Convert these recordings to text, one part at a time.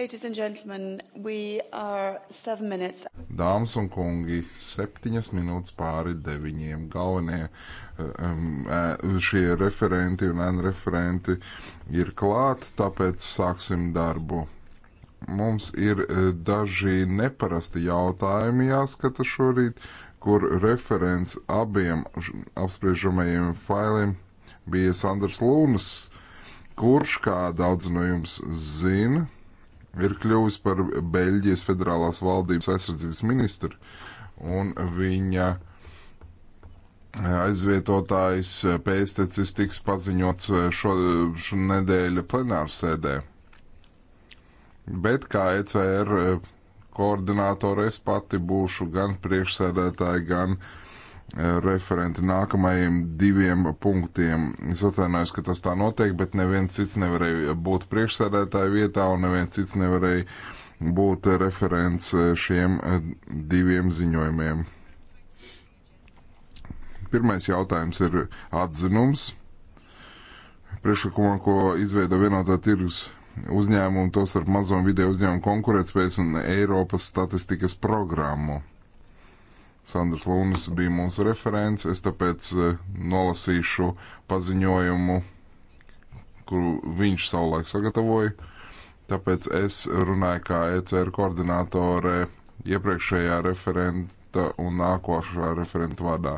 Dāmas un kungi, septiņas minūtes pāri deviņiem galvenie um, eh, šie referenti un N referenti ir klāt, tāpēc sāksim darbu. Mums ir eh, daži neparasti jautājumi jāskata šorīt, kur referents abiem apspriežamajiem failiem bija Sanders Lūnas, kurš, kā daudz no jums zina, ir kļuvis par Beļģijas federālās valdības aizsardzības ministru, un viņa eh, aizvietotājs eh, pēstecis tiks paziņots eh, šo, šo nedēļu plenārsēdē. Bet kā ECR koordinātori es pati būšu gan priekšsēdētāji, gan uh, referenti nākamajiem diviem punktiem. Es atvainojos, ka tas tā notiek, bet neviens cits nevarēja būt priekšsēdētāja vietā un neviens cits nevarēja būt referents šiem diviem ziņojumiem. Pirmais jautājums ir atzinums. Priekšlikumā, ko izveido vienotā tirgus uzņēmumu, tos ar mazo un video uzņēmumu konkurētspējas un Eiropas statistikas programmu. Sandrs Lūnis bija mūsu referents, es tāpēc e, nolasīšu paziņojumu, kuru viņš savulaik sagatavoja. Tāpēc es runāju kā ECR koordinātore iepriekšējā referenta un nākošā referenta vārdā.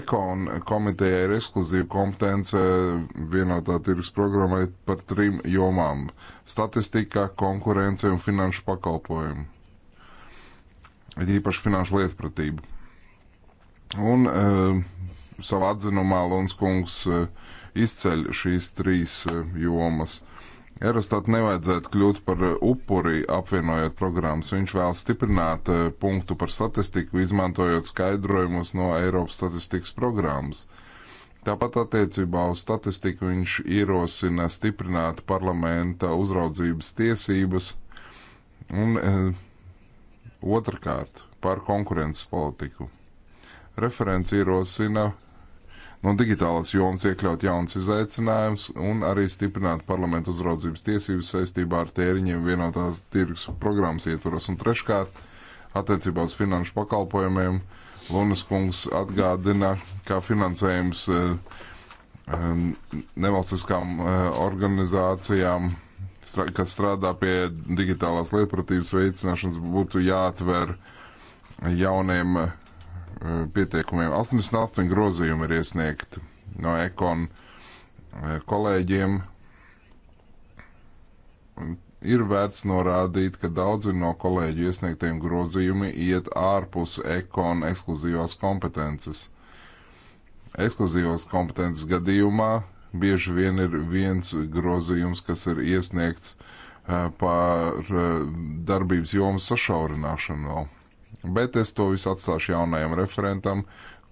Ekon komiteja ir ekskluzīva kompetence vienotā tirgus programmai par trim jomām - statistika, konkurence un finanšu pakalpojumu it īpaši finanšu lietpratību. Un uh, savā atzinumā Lunas kungs uh, izceļ šīs trīs uh, jomas. Erastat nevajadzētu kļūt par upuri apvienojot programmas. Viņš vēl stiprināt uh, punktu par statistiku, izmantojot skaidrojumus no Eiropas statistikas programmas. Tāpat attiecībā uz statistiku viņš ierosina stiprināt parlamenta uzraudzības tiesības un uh, Otrakārt, par konkurences politiku. Referents ierosina no digitālās jomas iekļaut jauns izaicinājums un arī stiprināt parlamentu uzraudzības tiesības saistībā ar tēriņiem vienotās tirgus programmas ietvaros. Un treškārt, attiecībā uz finanšu pakalpojumiem, Lunas kungs atgādina, ka finansējums eh, eh, nevalstiskām eh, organizācijām kas strādā pie digitālās lietpratības veicināšanas, būtu jāatver jauniem eh, pieteikumiem. 88 grozījumi ir iesniegti no ekon eh, kolēģiem. Ir vērts norādīt, ka daudzi no kolēģu iesniegtiem grozījumi iet ārpus ekon ekskluzīvās kompetences. Ekskluzīvās kompetences gadījumā bieži vien ir viens grozījums, kas ir iesniegts par darbības jomas sašaurināšanu vēl. Bet es to visu atstāšu jaunajam referentam,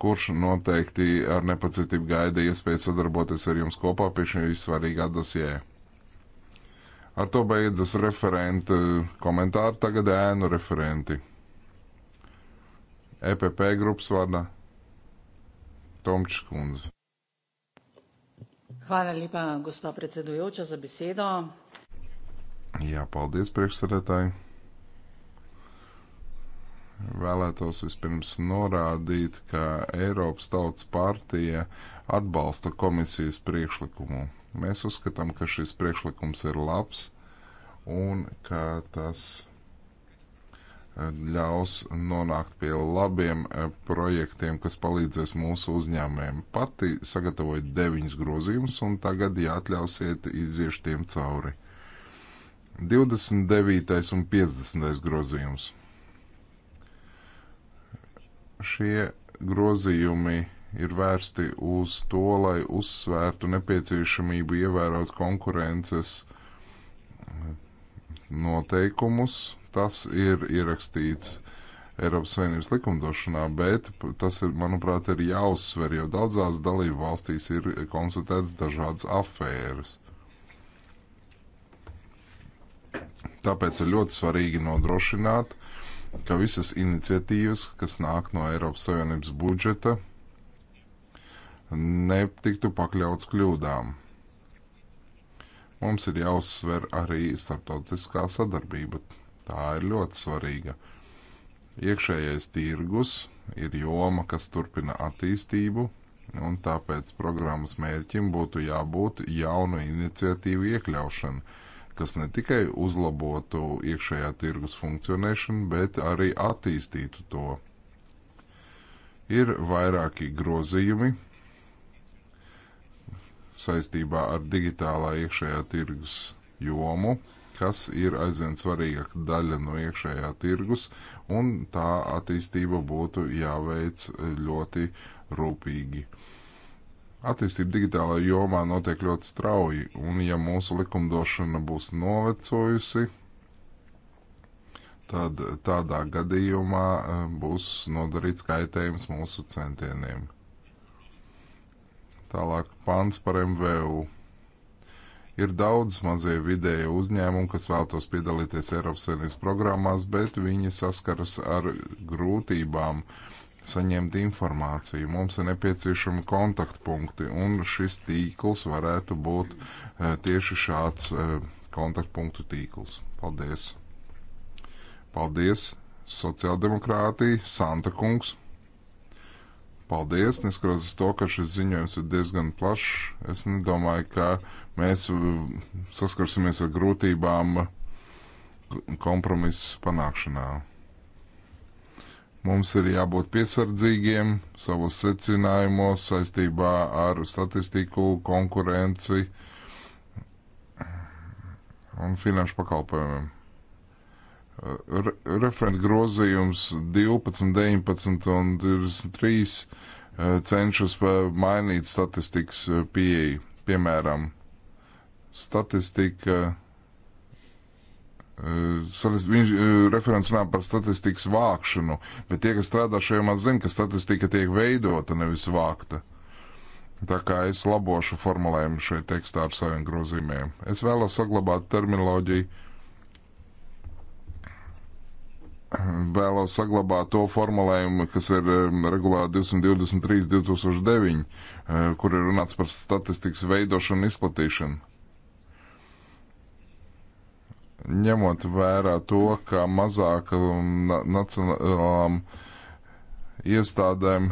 kurš noteikti ar nepacietību gaida iespēju sadarboties ar jums kopā pie šī svarīgā dosjē. Ar to beidzas referenta komentāri, tagad ēnu referenti. EPP grupas vārdā Tomčs Kundze. Hvala lepa, gospa predsedujoča, za besedo. Jā, paldies, priekšsēdētāji. Vēlētos vispirms norādīt, ka Eiropas Tautas partija atbalsta komisijas priekšlikumu. Mēs uzskatām, ka šis priekšlikums ir labs un ka tas ļaus nonākt pie labiem eh, projektiem, kas palīdzēs mūsu uzņēmējiem. Pati sagatavoju deviņus grozījumus, un tagad jāatļausiet iziešu tiem cauri. 29. un 50. grozījums. Šie grozījumi ir vērsti uz to, lai uzsvērtu nepieciešamību ievērot konkurences eh, noteikumus, tas ir ierakstīts Eiropas Savienības likumdošanā, bet tas, ir, manuprāt, ir jāuzsver, jo daudzās dalību valstīs ir konstatēts dažādas afēras. Tāpēc ir ļoti svarīgi nodrošināt, ka visas iniciatīvas, kas nāk no Eiropas Savienības budžeta, netiktu pakļauts kļūdām. Mums ir jāuzsver arī starptautiskā sadarbība. Tā ir ļoti svarīga. Iekšējais tirgus ir joma, kas turpina attīstību, un tāpēc programmas mērķim būtu jābūt jaunu iniciatīvu iekļaušana, kas ne tikai uzlabotu iekšējā tirgus funkcionēšanu, bet arī attīstītu to. Ir vairāki grozījumi saistībā ar digitālā iekšējā tirgus jomu, kas ir aizvien svarīgāka daļa no iekšējā tirgus, un tā attīstība būtu jāveic eh, ļoti rūpīgi. Attīstība digitālajā jomā notiek ļoti strauji, un ja mūsu likumdošana būs novecojusi, tad tādā gadījumā eh, būs nodarīts kaitējums mūsu centieniem. Tālāk pāns par MVU Ir daudz mazie vidēja uzņēmumi, kas vēltos piedalīties Eiropas Savienības programmās, bet viņi saskaras ar grūtībām saņemt informāciju. Mums ir nepieciešami kontaktpunkti, un šis tīkls varētu būt eh, tieši šāds eh, kontaktpunktu tīkls. Paldies! Paldies! Sociāldemokrātija, Santa Kungs! Paldies, neskatoties to, ka šis ziņojums ir diezgan plašs. Es nedomāju, ka Mēs uh, saskarsimies ar grūtībām kompromisu panākšanā. Mums ir jābūt piesardzīgiem savos secinājumos saistībā ar statistiku, konkurenci un finanšu pakalpojumiem. Uh, re Referenta grozījums 12, 19 un 23 uh, cenšas mainīt statistikas pieeju. Piemēram, statistika. Eh, viņš eh, referents runā par statistikas vākšanu, bet tie, kas strādā šajā jomā, zina, ka statistika tiek veidota, nevis vākta. Tā kā es labošu formulējumu šeit tekstā ar saviem grozījumiem. Es vēlos saglabāt terminoloģiju, vēlos saglabāt to formulējumu, kas ir regulāri 223, 2009, kur ir runāts par statistikas veidošanu un izplatīšanu ņemot vērā to, ka mazākām um, nacionālām um, iestādēm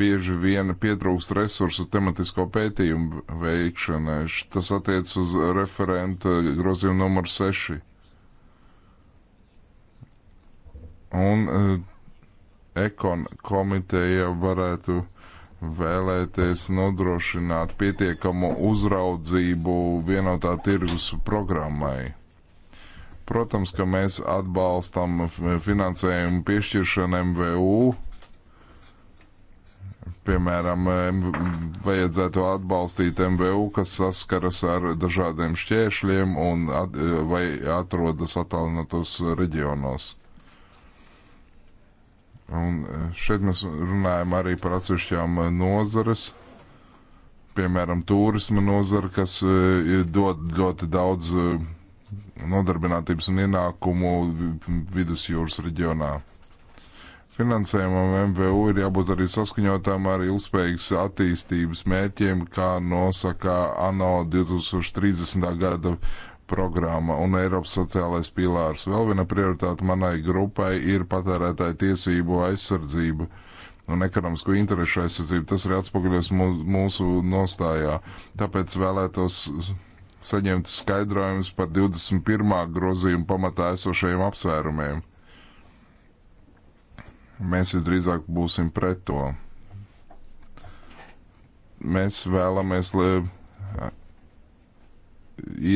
bieži vien pietrūkst resursu tematisko pētījumu veikšanai. Tas attiec uz referenta grozījumu numuru 6. Un uh, ekon komiteja varētu vēlēties nodrošināt pietiekamu uzraudzību vienotā tirgus programmai. Protams, ka mēs atbalstam finansējumu piešķiršanu MVU. Piemēram, vajadzētu atbalstīt MVU, kas saskaras ar dažādiem šķēršļiem un at, vai atrodas attālinātos reģionos. Un šeit mēs runājam arī par atsevišķām nozares piemēram, turisma nozara, kas e, dod ļoti daudz e, nodarbinātības un ienākumu vidusjūras reģionā. Finansējumam MVU ir jābūt arī saskaņotām ar ilgspējīgas attīstības mērķiem, kā nosaka ANO 2030. gada programma un Eiropas sociālais pīlārs. Vēl viena prioritāte manai grupai ir patērētāja tiesību aizsardzība un ekonomisko interešu aizsardzību. Tas arī atspoguļos mūsu nostājā. Tāpēc vēlētos saņemt skaidrojumus par 21. grozījumu pamatā esošajiem apsvērumiem. Mēs visdrīzāk būsim pret to. Mēs vēlamies, lai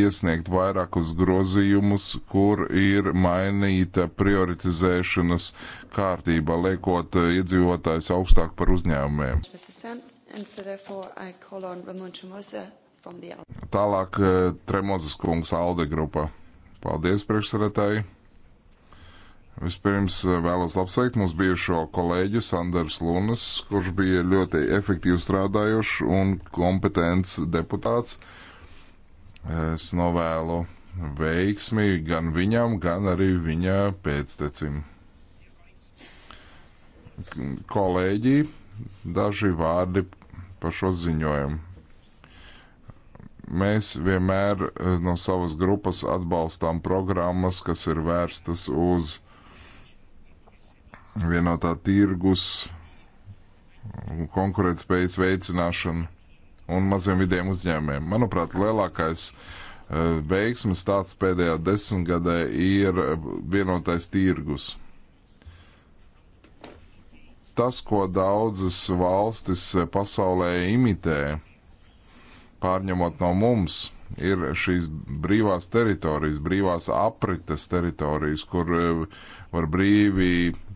iesniegt vairākus grozījumus, kur ir mainīta prioritizēšanas kārtība, liekot iedzīvotājs augstāk par uzņēmumiem from the Alde. Tālāk eh, Tremozes kungs Alde grupa. Paldies priekšsarētāji. Vispirms eh, vēlos apsveikt mūsu bijušo kolēģi Sanders Lunas, kurš bija ļoti efektīvi strādājošs un kompetents deputāts. Es novēlu veiksmi gan viņam, gan arī viņa pēctecim. Kolēģi, daži vārdi par šo ziņojumu. Mēs vienmēr eh, no savas grupas atbalstām programmas, kas ir vērstas uz vienotā tirgus, mm, konkurētspējas veicināšanu un maziem vidiem uzņēmējiem. Manuprāt, lielākais eh, veiksmes stāsts pēdējā desmitgadē ir eh, vienotais tirgus. Tas, ko daudzas valstis pasaulē imitē, pārņemot no mums, ir šīs brīvās teritorijas, brīvās aprites teritorijas, kur e, var brīvi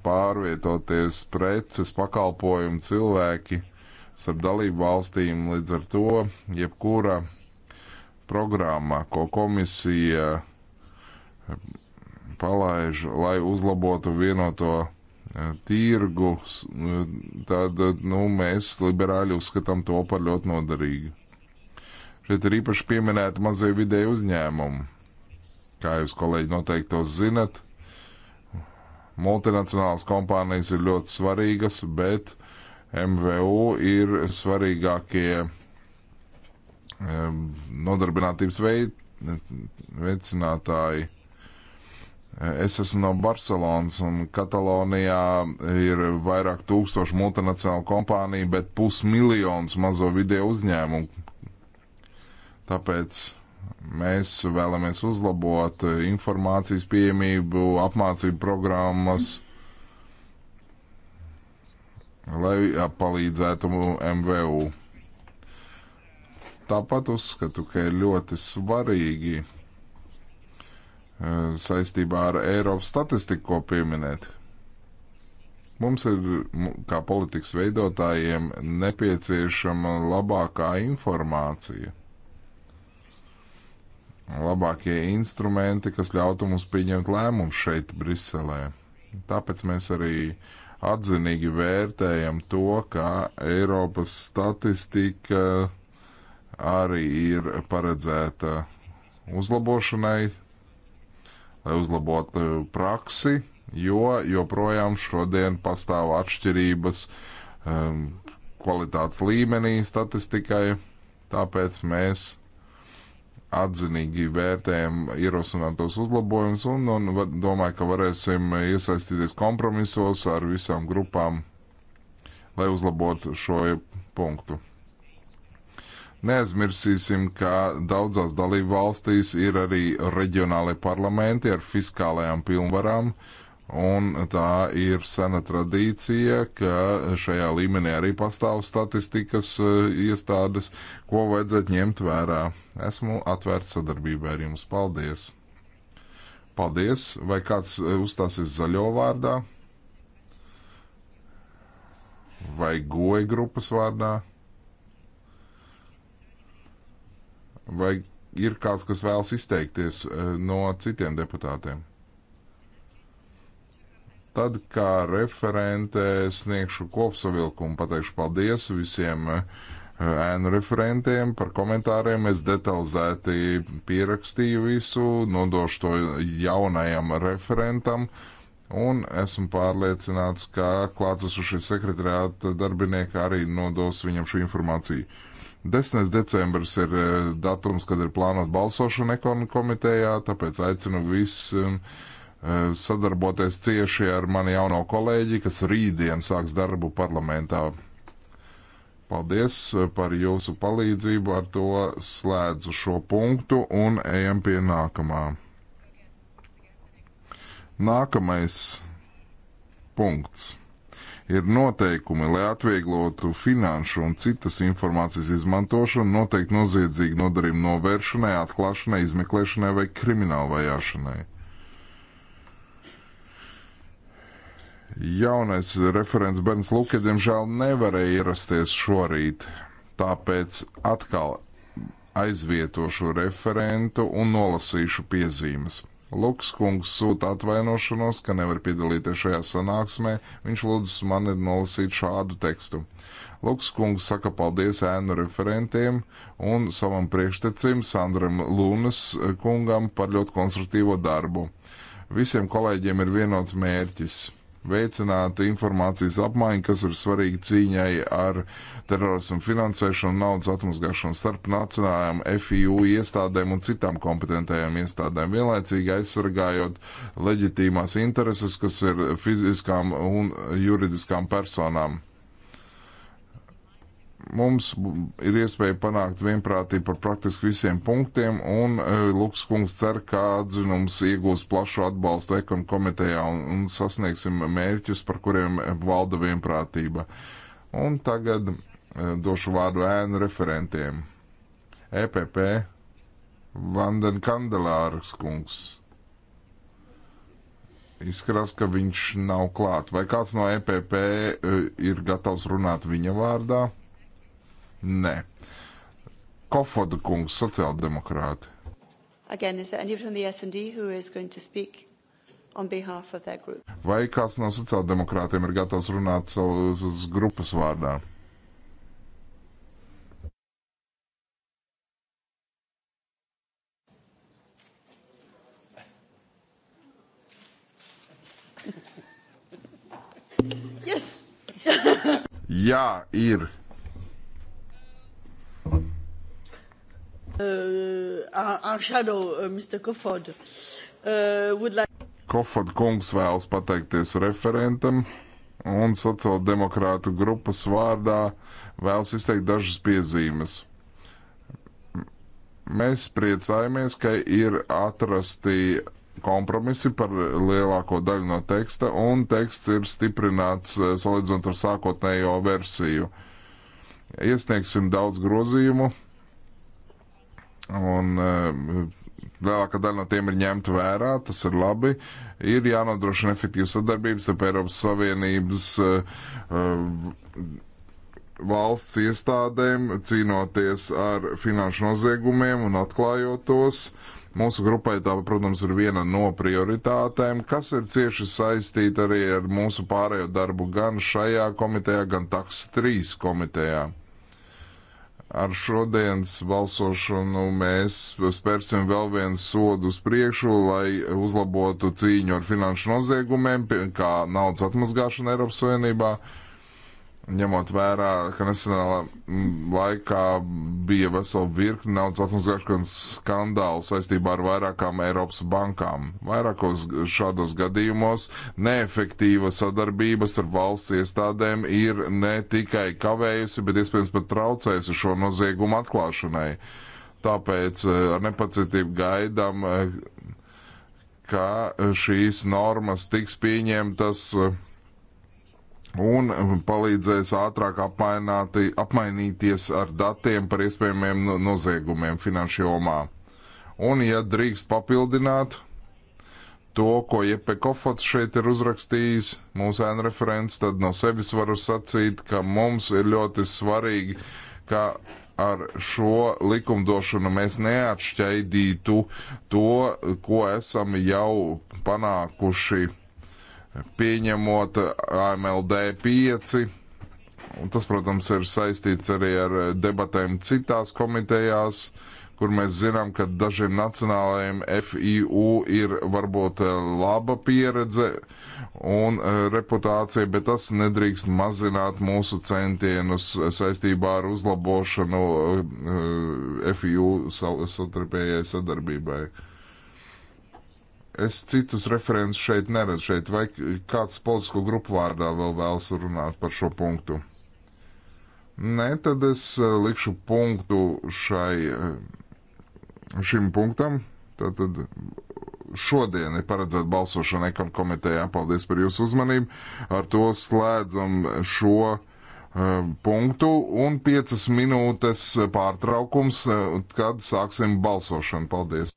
pārvietoties preces, pakalpojumi, cilvēki starp dalību valstīm. Līdz ar to jebkura programma, ko komisija palaiž, lai uzlabotu vienoto e, tirgu, e, tad nu, mēs liberāļi uzskatām to par ļoti noderīgu. Šeit ir īpaši pieminēta mazie vidēji uzņēmumi. Kā jūs, kolēģi, noteikti to zinat, multinacionālas kompānijas ir ļoti svarīgas, bet MVU ir svarīgākie nodarbinātības veid, veicinātāji. Es esmu no Barcelonas, un Katalonijā ir vairāk tūkstoši multinacionālu kompāniju, bet pusmiljons mazo video uzņēmumu. Tāpēc mēs vēlamies uzlabot informācijas pieejamību, apmācību programmas, lai palīdzētu MVU. Tāpat uzskatu, ka ir ļoti svarīgi eh, saistībā ar Eiropas statistiku, ko pieminēt. Mums ir, kā politikas veidotājiem, nepieciešama labākā informācija labākie instrumenti, kas ļautu mums pieņemt lēmumus šeit, Briselē. Tāpēc mēs arī atzinīgi vērtējam to, ka Eiropas statistika arī ir paredzēta uzlabošanai, lai uzlabotu praksi, jo joprojām šodien pastāv atšķirības um, kvalitātes līmenī statistikai, tāpēc mēs atzinīgi vērtējam ierosinātos uzlabojumus un, un domāju, ka varēsim iesaistīties kompromisos ar visām grupām, lai uzlabotu šo punktu. Neaizmirsīsim, ka daudzās dalību valstīs ir arī reģionālai parlamenti ar fiskālajām pilnvarām, uh, Un tā ir sena tradīcija, ka šajā līmenī arī pastāv statistikas eh, iestādes, ko vajadzētu ņemt vērā. Esmu atvērts sadarbībai ar jums. Paldies! Paldies! Vai kāds eh, uzstāsies zaļo vārdā? Vai goja grupas vārdā? Vai ir kāds, kas vēlas izteikties eh, no citiem deputātiem? Tad, kā referente, sniegšu kopsavilkumu, pateikšu paldies visiem eh, ēnu referentiem par komentāriem. Es detalizēti pierakstīju visu, nodošu to jaunajam referentam. Un esmu pārliecināts, ka klātesošie sekretariāta darbinieki arī nodos viņam šo informāciju. 10. decembris ir eh, datums, kad ir plānota balsošana ekonomikā komitejā, tāpēc aicinu visus eh, Eh, sadarboties cieši ar mani jauno kolēģi, kas rītdien sāks darbu parlamentā. Paldies eh, par jūsu palīdzību, ar to slēdzu šo punktu un ejam pie nākamā. Nākamais punkts ir noteikumi, lai atvieglotu finanšu un citas informācijas izmantošanu noteikti noziedzīgu nodarījumu novēršanai, atklāšanai, izmeklēšanai vai kriminālvajāšanai. Jaunais referents Bens Luke, diemžēl, nevarēja ierasties šorīt, tāpēc atkal aizvietošu referentu un nolasīšu piezīmes. Luks kungs sūta atvainošanos, ka nevar piedalīties šajā sanāksmē. Viņš lūdzas mani nolasīt šādu tekstu. Luks kungs saka paldies ēnu referentiem un savam priekštecim Sandram Lūnas kungam par ļoti konstruktīvo darbu. Visiem kolēģiem ir vienots mērķis veicināt informācijas apmaiņu, kas ir svarīga cīņai ar terorismu finansēšanu, naudas atmazgāšanu starp nacionālajām FIU iestādēm un citām kompetentajām iestādēm, vienlaicīgi aizsargājot leģitīmās intereses, kas ir fiziskām un juridiskām personām mums ir iespēja panākt vienprātību par praktiski visiem punktiem, un e, Lukas kungs cer, ka atzinums iegūs plašu atbalstu ekonomikas komitejā un, un sasniegsim mērķus, par kuriem e, valda vienprātība. Un tagad e, došu vārdu ēnu referentiem. EPP Vanden Kandelāras kungs. Izskatās, ka viņš nav klāt. Vai kāds no EPP ir gatavs runāt viņa vārdā? Nē. Kofoda kungs, sociāldemokrāti. Again, is there anyone from the S&D who is going to speak on behalf of their group? Vai kāds no sociāldemokrātiem ir gatavs runāt savas grupas vārdā? Yes. Jā, ir. Uh, shadow, Kofod. Uh, uh like... Kofod kungs vēlas pateikties referentam un sociāldemokrātu grupas vārdā vēlas izteikt dažas piezīmes. Mēs priecājamies, ka ir atrasti kompromisi par lielāko daļu no teksta, un teksts ir stiprināts uh, salīdzinot ar sākotnējo versiju. Iesniegsim daudz grozījumu, Un eh, lielākā daļa no tiem ir ņemta vērā, tas ir labi. Ir jānodrošina efektīva sadarbība starp Eiropas Savienības eh, eh, valsts iestādēm, cīnoties ar finanšu noziegumiem un atklājot tos. Mūsu grupai tā, protams, ir viena no prioritātēm, kas ir cieši saistīta arī ar mūsu pārējo darbu gan šajā komitejā, gan taks trīs komitejā ar šodienas balsošanu mēs spērsim vēl vienu sodu uz priekšu, lai uzlabotu cīņu ar finanšu noziegumiem, kā naudas atmazgāšanu Eiropas Savienībā. Uh, ņemot vērā, ka nesenā laikā bija vesela virkne naudas atmaskāšanas skandālu saistībā ar vairākām Eiropas bankām. Vairākos šādos gadījumos neefektīva sadarbības ar valsts iestādēm ir ne tikai kavējusi, bet iespējams pat traucējusi šo noziegumu atklāšanai. Tāpēc eh, ar nepacietību gaidām, eh, ka šīs normas tiks pieņemtas. Uh, un um, palīdzēs ātrāk apmaināti, apmainīties ar datiem par iespējamiem noziegumiem finanšu jomā. Un, ja drīkst papildināt to, ko Jepe Kofots šeit ir uzrakstījis, mūsu ēna referents, tad no sevis varu sacīt, ka mums ir ļoti svarīgi, ka ar šo likumdošanu mēs neatšķaidītu to, ko esam jau panākuši pieņemot AMLD 5. Un tas, protams, ir saistīts arī ar debatēm citās komitejās, kur mēs zinām, ka dažiem nacionālajiem FIU ir varbūt eh, laba pieredze un eh, reputācija, bet tas nedrīkst mazināt mūsu centienus saistībā ar uzlabošanu eh, FIU savstarpējai sadarbībai. Uh, Es citus referents šeit neredzu šeit, vai kāds politisko grupu vārdā vēl vēlas runāt par šo punktu. Nē, tad es eh, likšu punktu šai, eh, šim punktam. Tātad šodien ir paredzēta balsošana ekonomikas komitejā. Paldies par jūsu uzmanību. Ar to slēdzam šo uh, punktu un piecas minūtes pārtraukums, kad sāksim balsošanu. Paldies!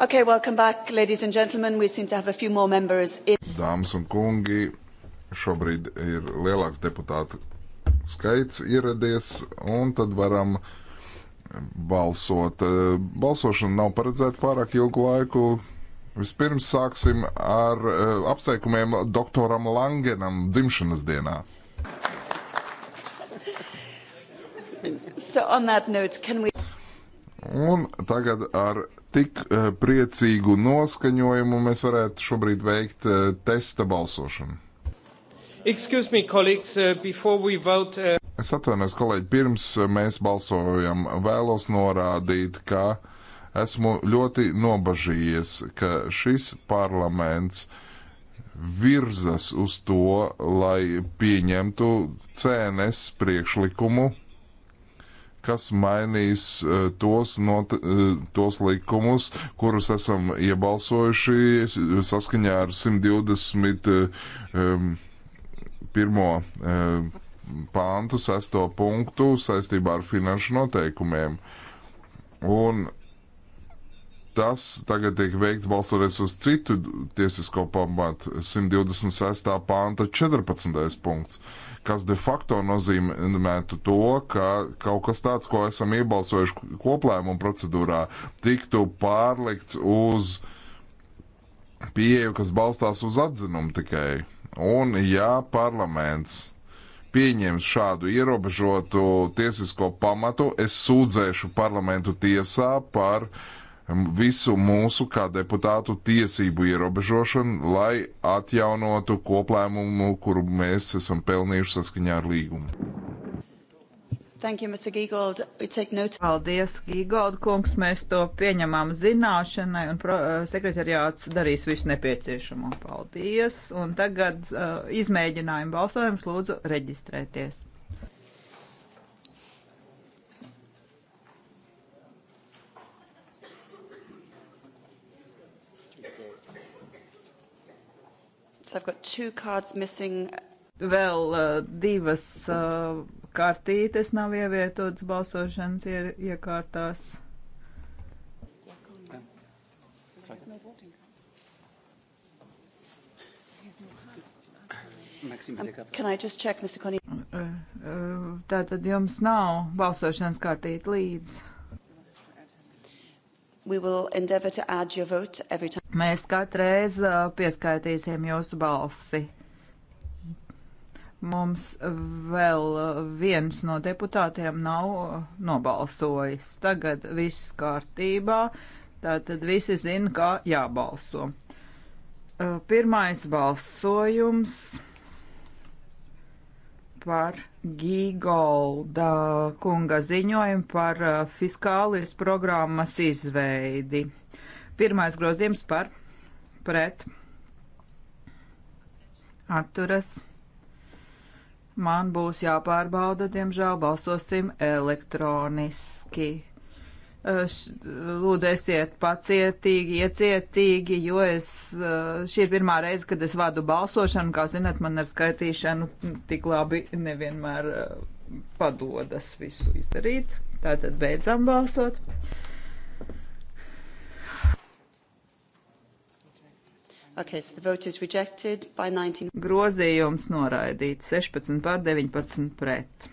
Okay, welcome back, ladies and gentlemen. We seem to have a few more members. In... Dāmas un kungi, šobrīd ir lielāks deputātu skaits ieradies, un tad varam balsot. Balsošana nav paredzēta pārāk ilgu laiku. Vispirms sāksim ar eh, apsveikumiem doktoram Langenam dzimšanas dienā. So on that note, can we... Un tagad ar tik eh, priecīgu noskaņojumu mēs varētu šobrīd veikt eh, testa balsošanu. Excuse me, colleagues, uh, before we vote. Uh... Es atvainojos, kolēģi, pirms eh, mēs balsojam, vēlos norādīt, ka esmu ļoti nobažījies, ka šis parlaments virzas uz to, lai pieņemtu CNS priekšlikumu kas mainīs e, tos, not, e, tos likumus, kurus esam iebalsojuši saskaņā ar 121. E, pāntu, 6. punktu saistībā ar finanšu noteikumiem. Un tas tagad tiek veikts balstoties uz citu tiesisko pamatu, 126. pānta 14. punkts. Uh, kas de facto nozīmētu to, ka kaut kas tāds, ko esam iebalsojuši koplēmumu procedūrā, tiktu pārlikts uz pieeju, kas balstās uz atzinumu tikai. Un ja parlaments pieņems šādu ierobežotu tiesisko pamatu, es sūdzēšu parlamentu tiesā par uh, visu mūsu kā deputātu tiesību ierobežošanu, lai atjaunotu koplēmumu, kuru mēs esam pelnījuši saskaņā ar līgumu. Thank you, Mr. Giegold. We take note. Paldies, Giegold kungs. Mēs to pieņemam zināšanai un pro, eh, sekretariāts darīs visu nepieciešamo. Paldies. Un tagad uh, izmēģinājumu balsojums lūdzu reģistrēties. minutes. I've got two cards missing. Vēl uh, divas uh, kartītes nav ievietotas balsošanas ie iekārtās. Um, uh, uh, Tātad um, jums nav balsošanas kartīte līdzi. Mēs katreiz uh, pieskaitīsim jūsu balsi. Mums vēl uh, viens no deputātiem nav uh, nobalsojis. Tagad viss kārtībā, tātad visi zina, kā jābalso. Pirmais balsojums par Gīgolda kunga ziņojumu par uh, fiskālijas programmas izveidi. Pirmais grozījums par pret atturas. Man būs jāpārbauda, diemžēl balsosim elektroniski. Eh, lūdzu, esiet pacietīgi, iecietīgi, jo es, eh, šī ir pirmā reize, kad es vadu balsošanu. Kā zinat, man ar skaitīšanu tik labi nevienmēr eh, padodas visu izdarīt. Tātad beidzam balsot. Okay, so the vote is rejected by 19. Grozījums noraidīts 16 pār 19 pret.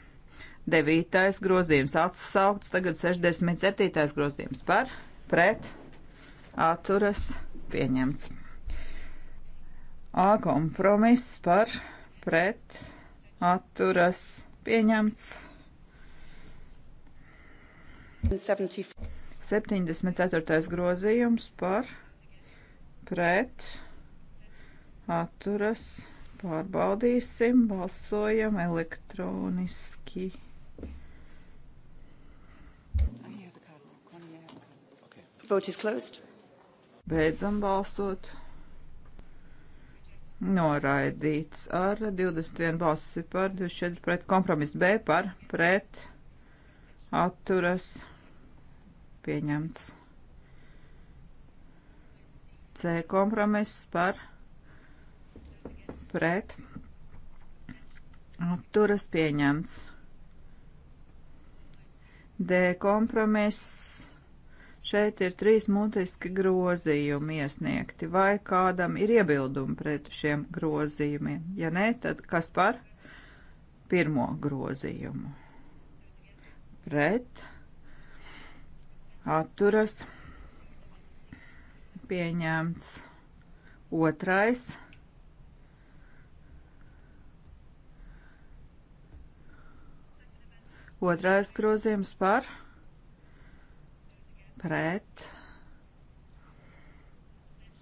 9. grozījums atsaukts, tagad 67. grozījums par, pret, atturas, pieņemts. A kompromiss par, pret, atturas, pieņemts. 74. grozījums par, pret, atturas, pārbaudīsim, balsojam elektroniski. Vote is closed. Beidzam balsot. Noraidīts ar 21 balsi par, 24 pret kompromisu B par, pret, atturas, pieņemts. C kompromiss par, pret, atturas, pieņemts. D kompromiss Šeit ir trīs mutiski grozījumi iesniegti. Vai kādam ir iebildumi pret šiem grozījumiem? Ja nē, tad kas par pirmo grozījumu? Pret atturas pieņemts otrais. Otrais grozījums par pret,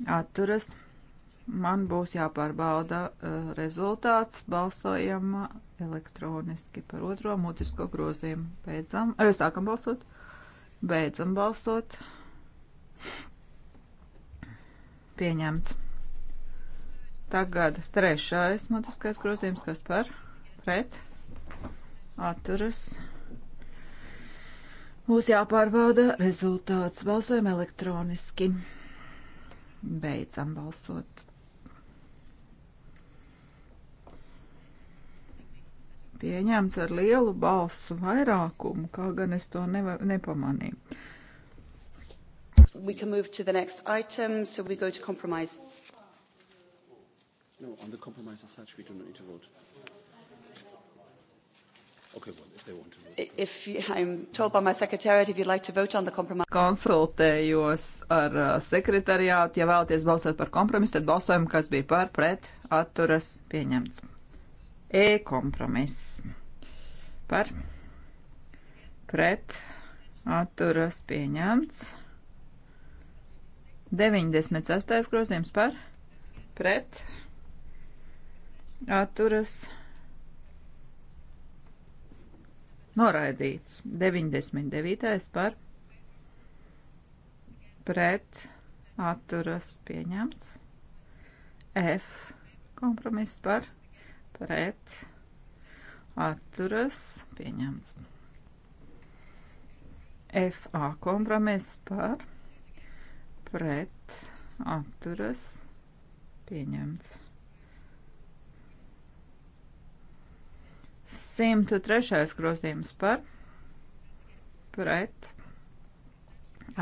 atturas. Man būs jāpārbauda eh, rezultāts. Balsojam elektroniski par otro mutisko grozījumu. Beidzam, e, sākam balsot, beidzam balsot. Pieņemts. Tagad trešais mutiskais grozījums, kas par pret atturas. Būs jāpārbauda rezultāts. Balsojam elektroniski. Beidzam balsot. Pieņemts ar lielu balsu vairākumu, kā gan es to neva, nepamanīju. We can move to the next item, so we go to compromise. No, on the compromise as such, we do not need to vote. Okay, well, if they want to vote. If you, I'm told by my secretariat, if you'd like to vote on the compromise. Konsultējos ar uh, sekretariātu, ja vēlaties balsot par kompromisu, tad balsojam, kas bija par, pret, atturas, pieņemts. E kompromiss. Par, pret, atturas, pieņemts. 98. grozījums par, pret, atturas, pieņemts Noraidīts. 99. par pret atturas pieņemts. F kompromiss par pret atturas pieņemts. FA kompromiss par pret atturas pieņemts. 103. grozījums par pret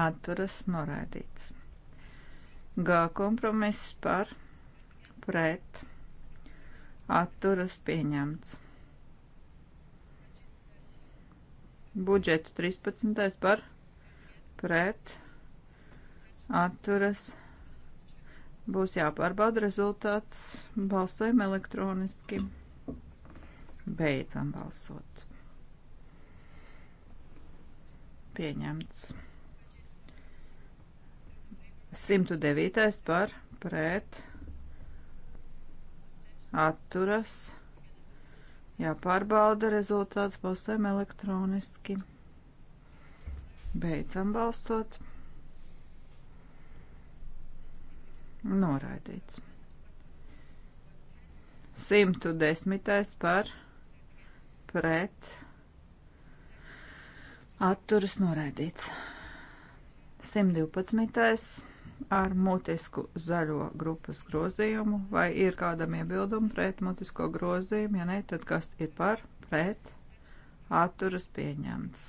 atturas norādīts. G kompromiss par pret atturas pieņemts. Budžetu 13. par pret atturas būs jāpārbauda rezultāts. Balsojam elektroniski. Mm. Beidzam balsot. Pieņemts. 109. par pret atturas. Jāpārbauda rezultāts balsēm elektroniski. Beidzam balsot. Noraidīts. 110. par pret pret atturas noraidīts. 112. ar mutisku zaļo grupas grozījumu, vai ir kādam iebildumi pret mutisko grozījumu, ja ne, tad kas ir par, pret, atturas pieņemts.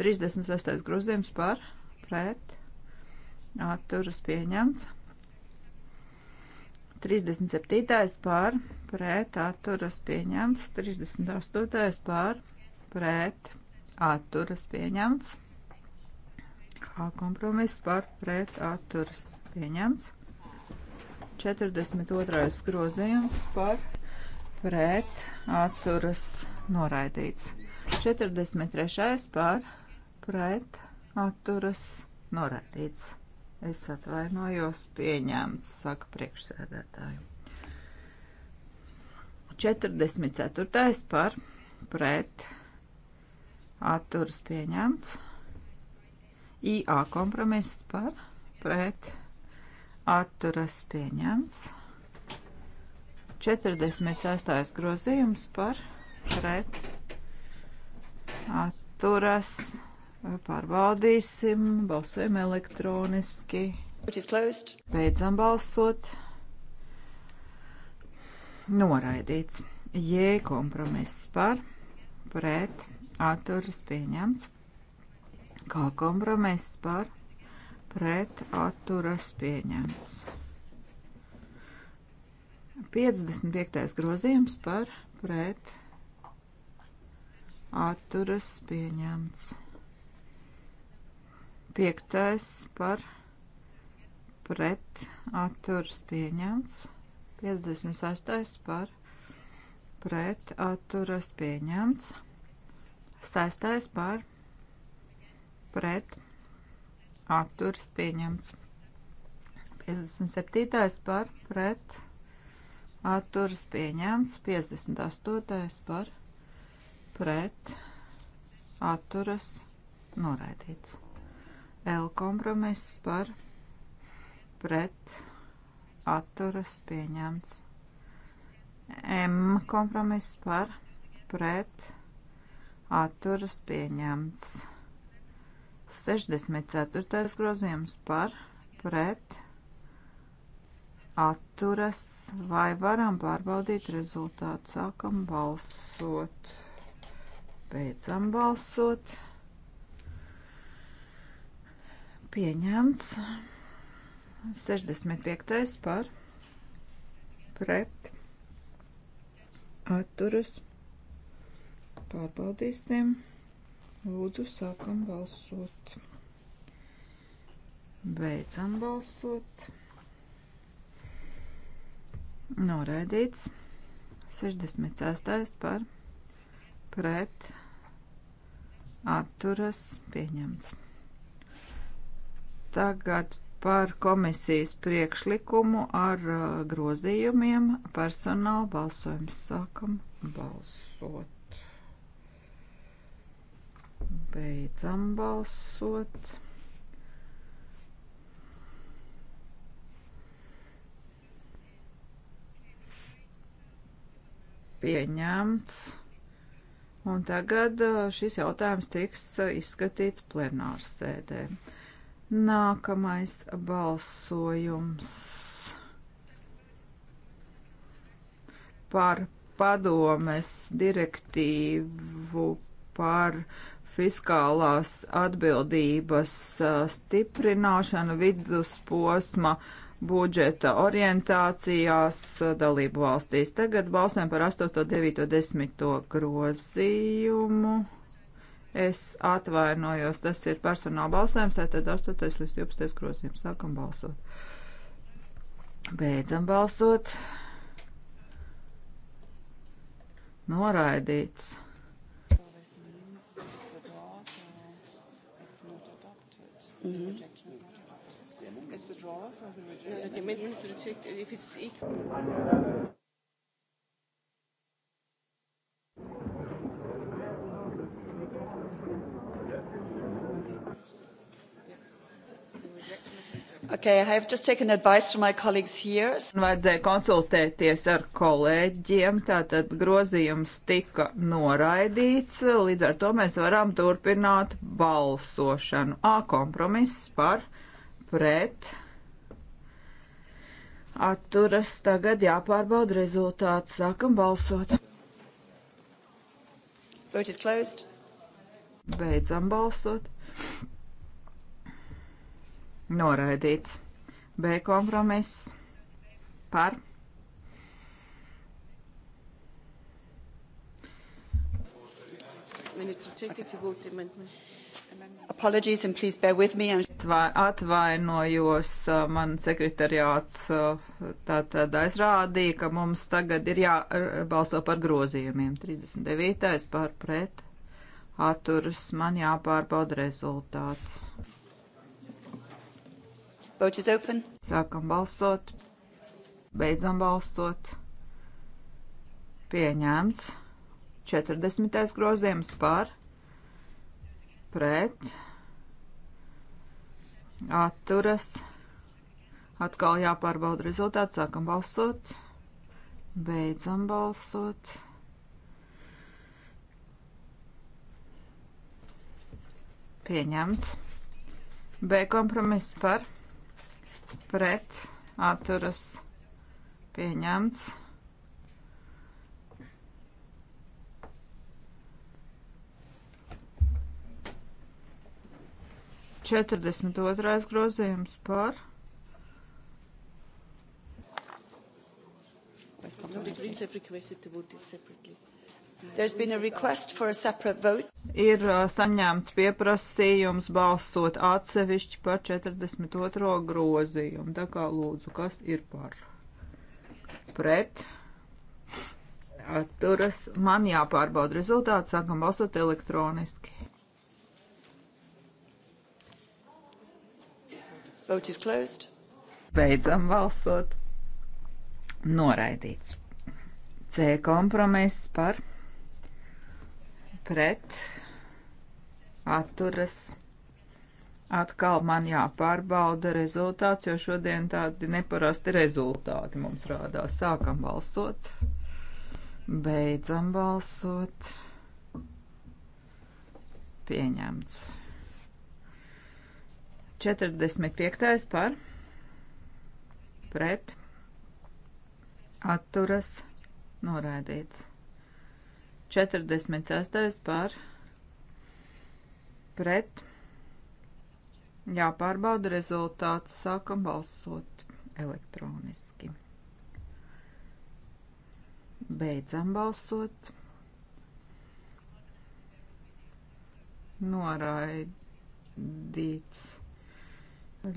36. grozījums par, pret, atturas pieņemts. 37. pār pret atturas pieņemts, 38. pār pret atturas pieņemts, H kompromiss par pret atturas pieņemts, 42. grozījums par pret atturas noraidīts, 43. pār pret atturas noraidīts. Es atvainojos, pieņēmts, saka priekšsēdētāju. 44. par pret atturas pieņemts. IA kompromiss par pret atturas pieņemts. 46. grozījums par pret atturas pieņemts Pārbaudīsim, balsojam elektroniski. Beidzam balsot. Noraidīts. Jē, kompromiss par, pret, atturas pieņemts. Kā kompromiss par, pret, atturas pieņemts. 55. grozījums par, pret, atturas pieņemts. Piektais par pret atturas pieņemts. 56. par pret atturas pieņemts. 6. par pret atturas pieņemts. 57. par pret atturas pieņemts. 58. par pret atturas noraidīts. L kompromiss par pret atturas pieņemts. M kompromiss par pret atturas pieņemts. 64. grozījums par pret atturas. Vai varam pārbaudīt rezultātu? Sākam balsot. Beidzam balsot pieņemts. 65. par pret atturas pārbaudīsim. Lūdzu, sākam balsot. Beidzam balsot. Noraidīts. 66. par pret atturas pieņemts. Tagad par komisijas priekšlikumu ar uh, grozījumiem personāla balsojums. Sākam balsot. Beidzam balsot. Pieņemts. Un tagad uh, šis jautājums tiks uh, izskatīts plenārsēdē. sēdē. Nākamais balsojums par padomes direktīvu par fiskālās atbildības stiprināšanu vidusposma budžeta orientācijās dalību valstīs. Tagad balsēm par 8, 9, 10 grozījumu. Es atvainojos, tas ir personāla balsojums, tātad 8. līdz 12. grozījums. Sākam balsot. Beidzam balsot. Noraidīts. Mm -hmm. It's a draw, so the, the amendment is rejected if it's equal. Okay, Vajadzēja konsultēties ar kolēģiem, tātad grozījums tika noraidīts, līdz ar to mēs varam turpināt balsošanu. A kompromiss par pret atturas tagad jāpārbauda rezultāts. Sākam balsot. Vote is closed. Beidzam balsot. Noraidīts. B kompromiss par. Apologies and please bear with me. I'm... Atvainojos, man sekretariāts tātad aizrādīja, ka mums tagad ir jābalso par grozījumiem. 39. par pret atturas man jāpārbauda rezultāts. Vote is open. Sākam balsot. Beidzam balsot. Pieņemts. 40. grozījums par pret atturas. Atkal jāpārbauda rezultāts. Sākam balsot. Beidzam balsot. Pieņemts. B kompromiss par pret pret atturas pieņemts. Četrdesmit otrais grozījums par. No, the Greens have requested to vote this separately. Ir uh, saņemts pieprasījums balsot atsevišķi par 42. grozījumu. Tā kā lūdzu, kas ir par? Pret. Atturas. Man jāpārbauda rezultāti. Sākam balsot elektroniski. Vote is closed. Beidzam balsot. Noraidīts. C kompromiss par pret, atturas. Atkal man jāpārbauda rezultāts, jo šodien tādi neparasti rezultāti mums rādās. Sākam balsot, beidzam balsot. Pieņemts. 45. par pret atturas noraidīts. 46. par pret jāpārbauda rezultāts. Sākam balsot elektroniski. Beidzam balsot. Noraidīts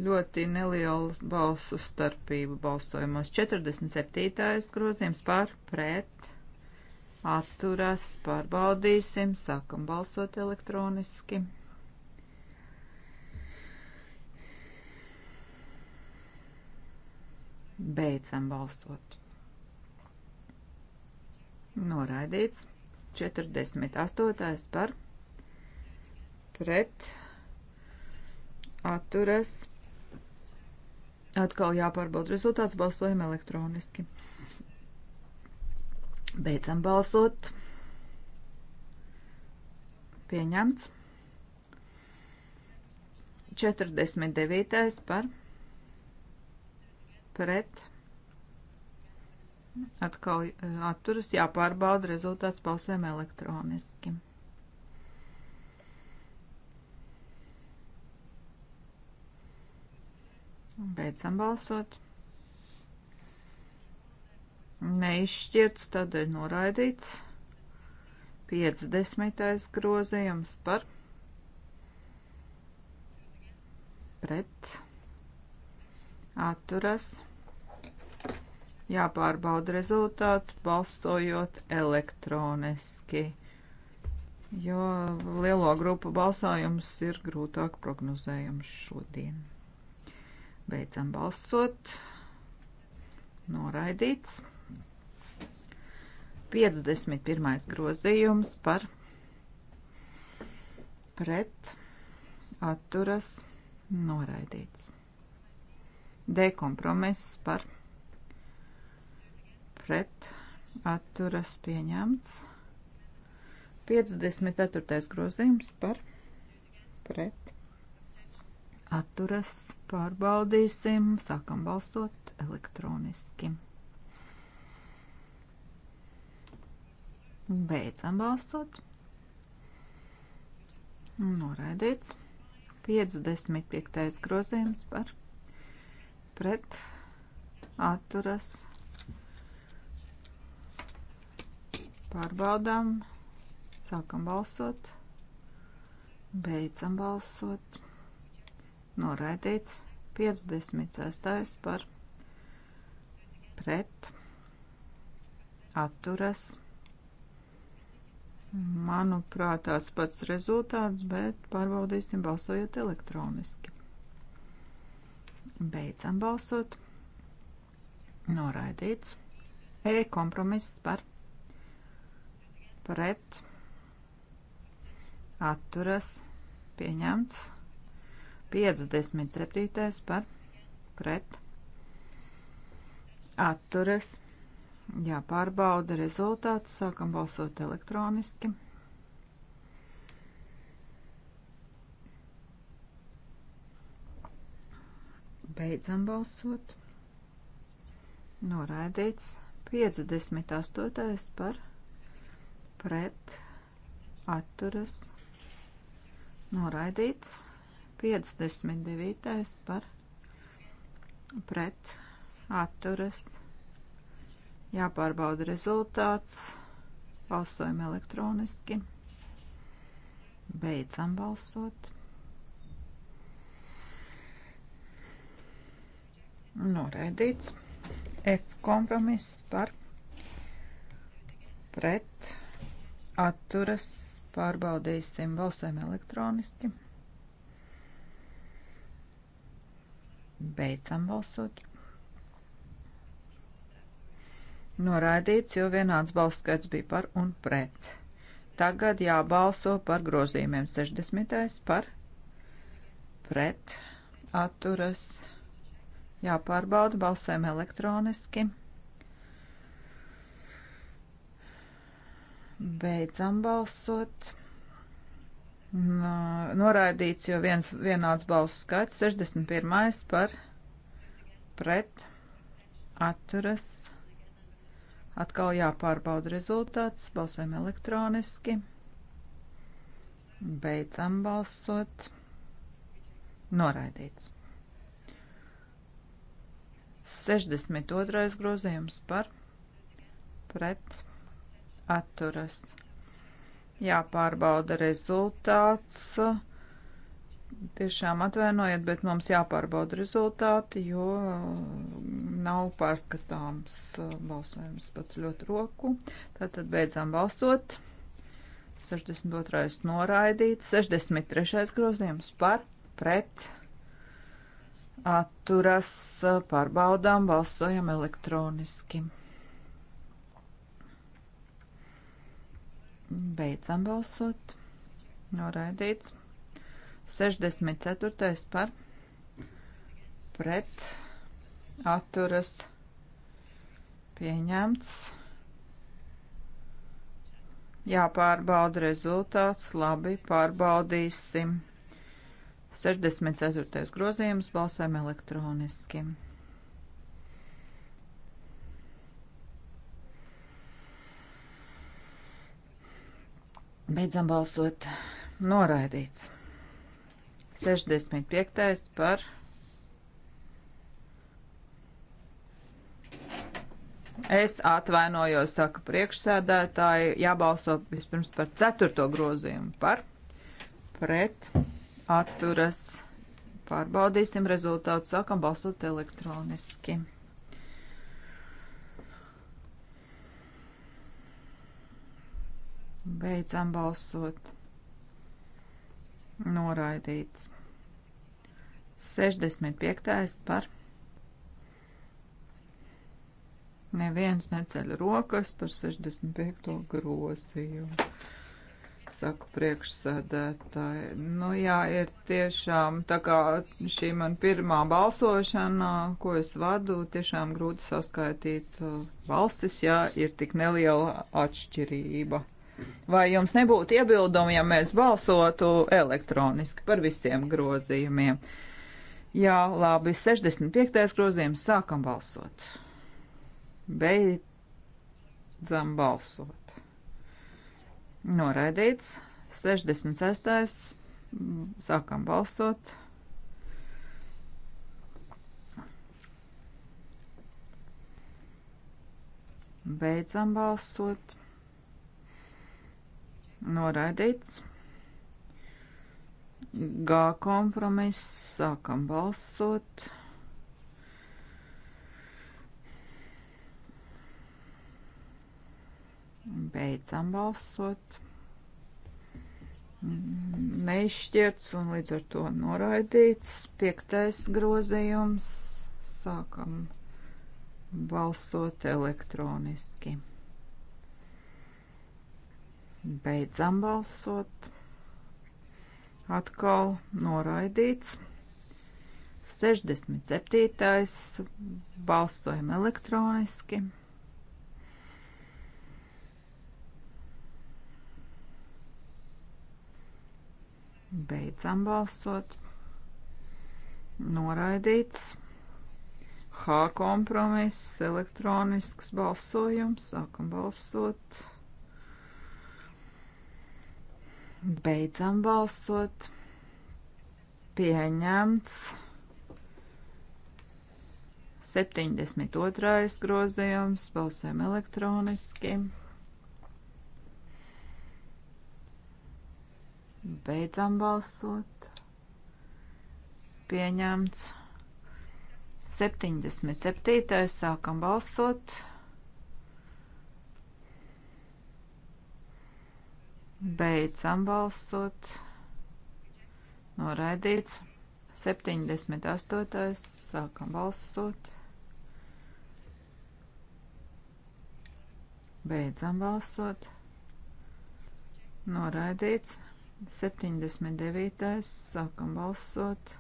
ļoti nelielas balsu starpību balsojumos. 47. grozījums par pret atturas, pārbaudīsim, sākam balsot elektroniski. Beidzam balsot. Noraidīts 48. par pret atturas. Atkal jāpārbauda rezultāts, balsojam elektroniski. Beidzam balsot. Pieņemts. 49. par pret. Atkal e, atturas jāpārbauda rezultāts balsēm elektroniski. Beidzam balsot neizšķirts, tādēļ noraidīts. 50. grozījums par pret atturas jāpārbauda rezultāts balstojot elektroniski, jo lielo grupu balsojums ir grūtāk prognozējams šodien. Beidzam balsot. Noraidīts. 51. grozījums par pret atturas noraidīts. D kompromiss par pret atturas pieņemts. 54. grozījums par pret atturas pārbaudīsim, sākam balsot elektroniski. Beidzam balsot. Noraidīts. 55. grozījums par pret atturas pārbaudām. Sākam balsot. Beidzam balsot. Noraidīts. 56. par pret atturas pārbaudām Manuprāt, tāds pats rezultāts, bet pārbaudīsim balsojot elektroniski. Beidzam balsot. Noraidīts. E kompromiss par pret atturas pieņemts. 57. par pret atturas jāpārbauda rezultāts. Sākam balsot elektroniski. Beidzam balsot. Noraidīts 58. par pret atturas. Noraidīts 59. par pret atturas Jāpārbauda rezultāts. Balsojam elektroniski. Beidzam balsot. Noraidīts. F kompromiss par pret atturas pārbaudīsim balsēm elektroniski. Beidzam balsot. Noraidīts, jo vienāds balsu skaits bija par un pret. Tagad jābalso par grozījumiem 60. par pret atturas. Jāpārbauda balsēm elektroniski. Beidzam balsot. Noraidīts, jo viens vienāds balsu skaits 61. par pret atturas Atkal jāpārbauda rezultāts. Balsojam elektroniski. Beidzam balsot. Noraidīts. 62. grozījums par pret atturas. Jāpārbauda rezultāts. Tiešām atvainojiet, bet mums jāpārbauda rezultāti, jo mm, nav pārskatāms uh, balsojums pats ļoti roku. Tātad beidzām balsot. 62. noraidīts, 63. grozījums par, pret, atturas, uh, pārbaudām, balsojam elektroniski. Beidzam balsot. Noraidīts. 64. par pret atturas pieņemts. Jāpārbauda rezultāts. Labi, pārbaudīsim. 64. grozījums balsēm elektroniski. Beidzam balsot. Noraidīts. 65. par Es atvainojos, saka priekšsēdētāji, jābalso vispirms par ceturto grozījumu par pret atturas. Pārbaudīsim rezultātu, sākam balsot elektroniski. Beidzam balsot noraidīts. 65. par neviens neceļ rokas par 65. grozījumu. Saku priekšsēdētāji, nu jā, ir tiešām tā kā šī man pirmā balsošana, ko es vadu, tiešām grūti saskaitīt balstis, uh, jā, ir tik neliela atšķirība. Vai jums nebūtu iebildumi, ja mēs balsotu elektroniski par visiem grozījumiem? Jā, labi, 65. grozījums sākam balsot. Beidzam balsot. Noraidīts. 66. sākam balsot. Beidzam balsot. Noraidīts. G kompromiss. Sākam balsot. Beidzam balsot. Neizšķirts un līdz ar to noraidīts. Piektais grozījums. Sākam balsot elektroniski. Beidzam balsot. Atkal noraidīts. 67. Balsojam elektroniski. Beidzam balsot. Noraidīts. H kompromiss, elektronisks balsojums. Sākam balsot. Beidzam balsot. Pieņemts. 72. grozījums. Balsēm elektroniski. Beidzam balsot. Pieņemts. 77. sākam balsot. Beidzam balsot. Noraidīts. 78. Sākam balsot. Beidzam balsot. Noraidīts. 79. Sākam balsot.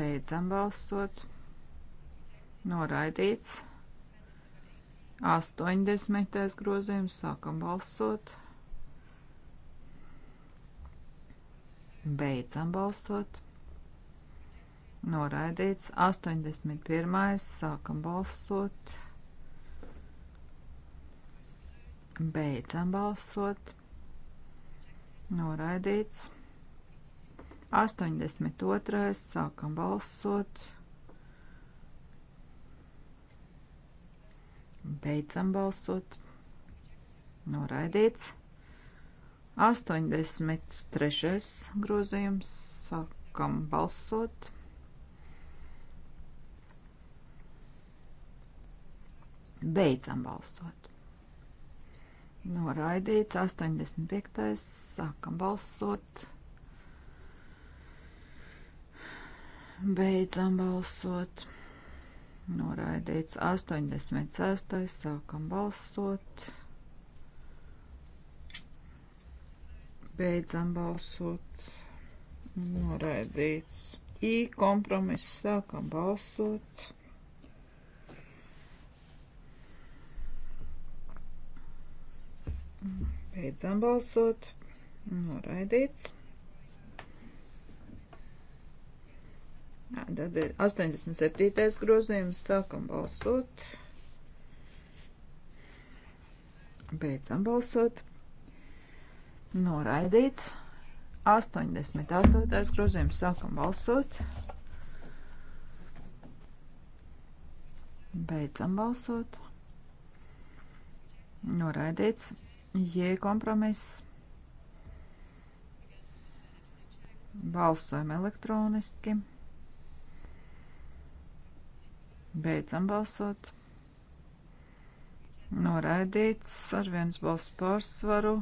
Beidzam balsot noraidīts. 80. grozījums, sākam balsot. Beidzam balsot. Noraidīts. 81. sākam balsot. Beidzam balsot. Noraidīts. 82. sākam balsot. Beidzam balsot. Noraidīts. 83. grozījums. Sākam balsot. Beidzam balsot. Noraidīts. 85. Sākam balsot. Beidzam balsot. Noraidīts 86. Sākam balsot. Beidzam balsot. Noraidīts. I kompromiss. Sākam balsot. Beidzam balsot. Noraidīts. Tad ir 87. grozījums. Sākam balsot. Beidzam balsot. Noraidīts. 88. grozījums. Sākam balsot. Beidzam balsot. Noraidīts. Jē kompromiss. Balsojam elektroniski. Beidzam balsot. Noraidīts ar viens balsu pārsvaru.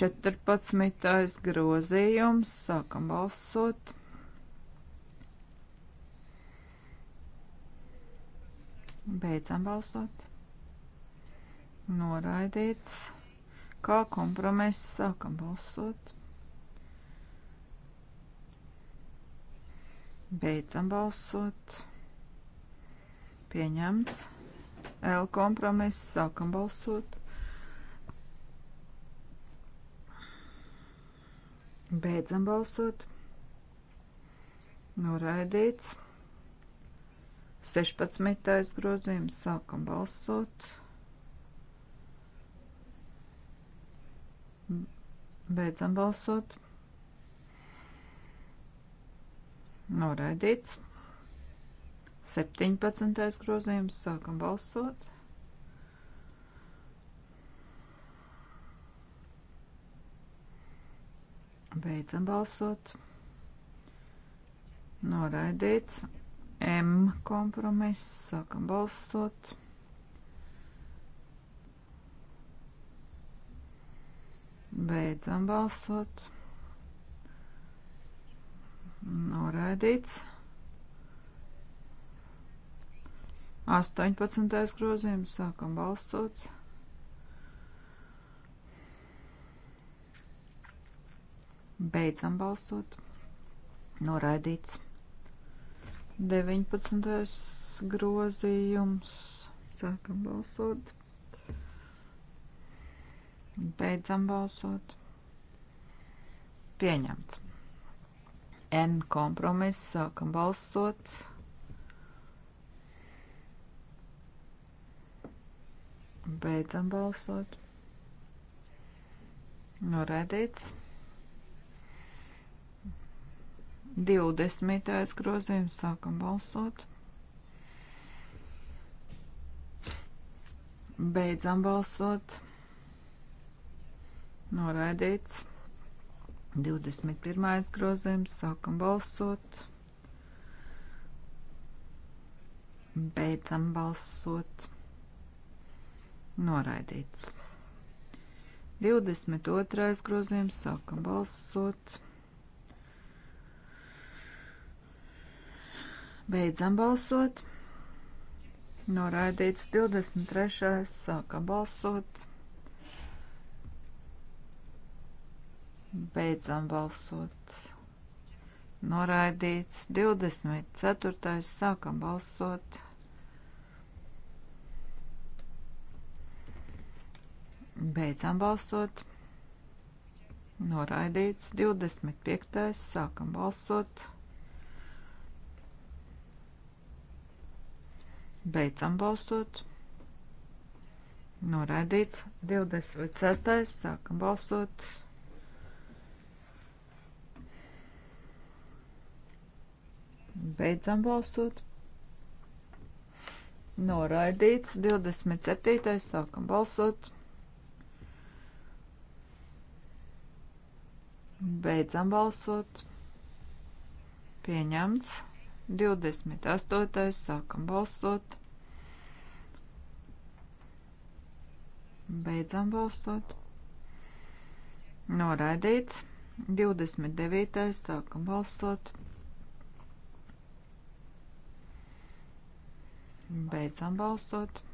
14. grozījums. Sākam balsot. Beidzam balsot. Noraidīts. Kā kompromiss sākam balsot. Beidzam balsot pieņemts. L kompromiss, sākam balsot. Beidzam balsot. Noraidīts. 16. grozījums, sākam balsot. Beidzam balsot. Noraidīts. 17. grozījums. Sākam balsot. Beidzam balsot. Noraidīts. M kompromiss. Sākam balsot. Beidzam balsot. Noraidīts. 18. grozījums. Sākam balsot. Beidzam balsot. Noraidīts. 19. grozījums. Sākam balsot. Beidzam balsot. Pieņemts. N kompromiss. Sākam balsot. Balsot. Beidzam balsot. Noraidīts. 20. grozījums. Sākam balsot. Beidzam balsot. Noraidīts. 21. grozījums. Sākam balsot. Beidzam balsot. Noraidīts. 22. grozījums sākam balsot. Beidzam balsot. Noraidīts 23. sākam balsot. Beidzam balsot. Noraidīts 24. sākam balsot. Beidzam balsot. Noraidīts 25. Sākam balsot. Beidzam balsot. Noraidīts 26. Sākam balsot. Beidzam balsot. Noraidīts 27. Sākam balsot. Beidzam balsot. Pieņemts. 28. Sākam balsot. Beidzam balsot. Noraidīts. 29. Sākam balsot. Beidzam balsot.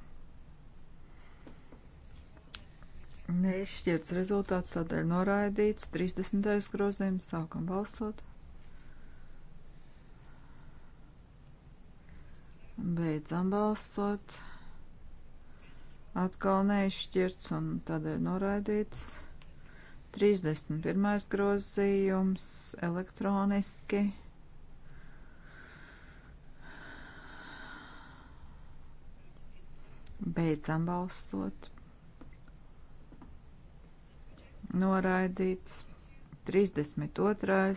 Nešķirts rezultāts, tādēļ noraidīts. 30. grozījums. Sākam balsot. Beidzam balsot. Atkal nešķirts un tādēļ noraidīts. 31. grozījums elektroniski. Beidzam balsot noraidīts. 32.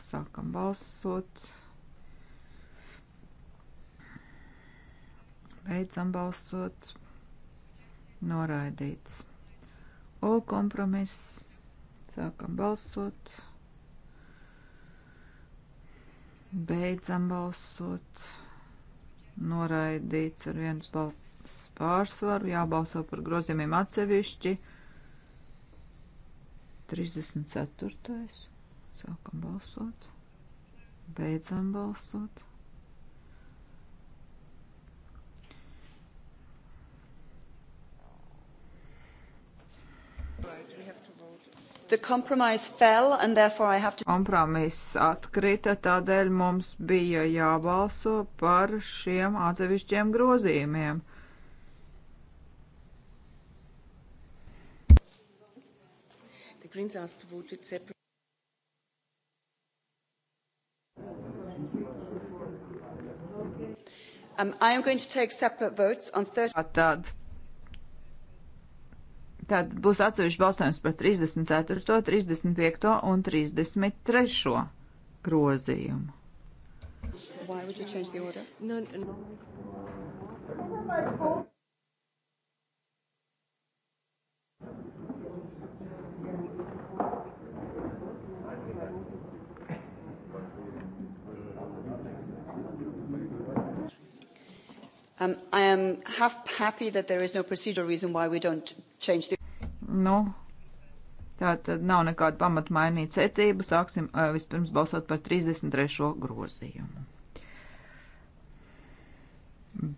sākam balsot. Beidzam balsot. Noraidīts. Ol kompromiss. Sākam balsot. Beidzam balsot. Noraidīts ar viens balss pārsvaru. Jābalso par grozījumiem atsevišķi. 32. 34. Sākam balsot. Beidzam balsot. The compromise fell and therefore I have to... Kompromiss atkrita, tādēļ mums bija jābalso par šiem atsevišķiem grozījumiem. brings us to vote it separately. Um, I am going to take separate votes on 30. Tad. Tad būs atsevišķi balsojums par 34., 35. un 33. grozījumu. Why would you change the order? No, no. Um, I am half happy that there is no procedural reason why we don't change the. Nu, tā tad nav nekāda pamata mainīt secību. Sāksim uh, vispirms balsot par 33. grozījumu.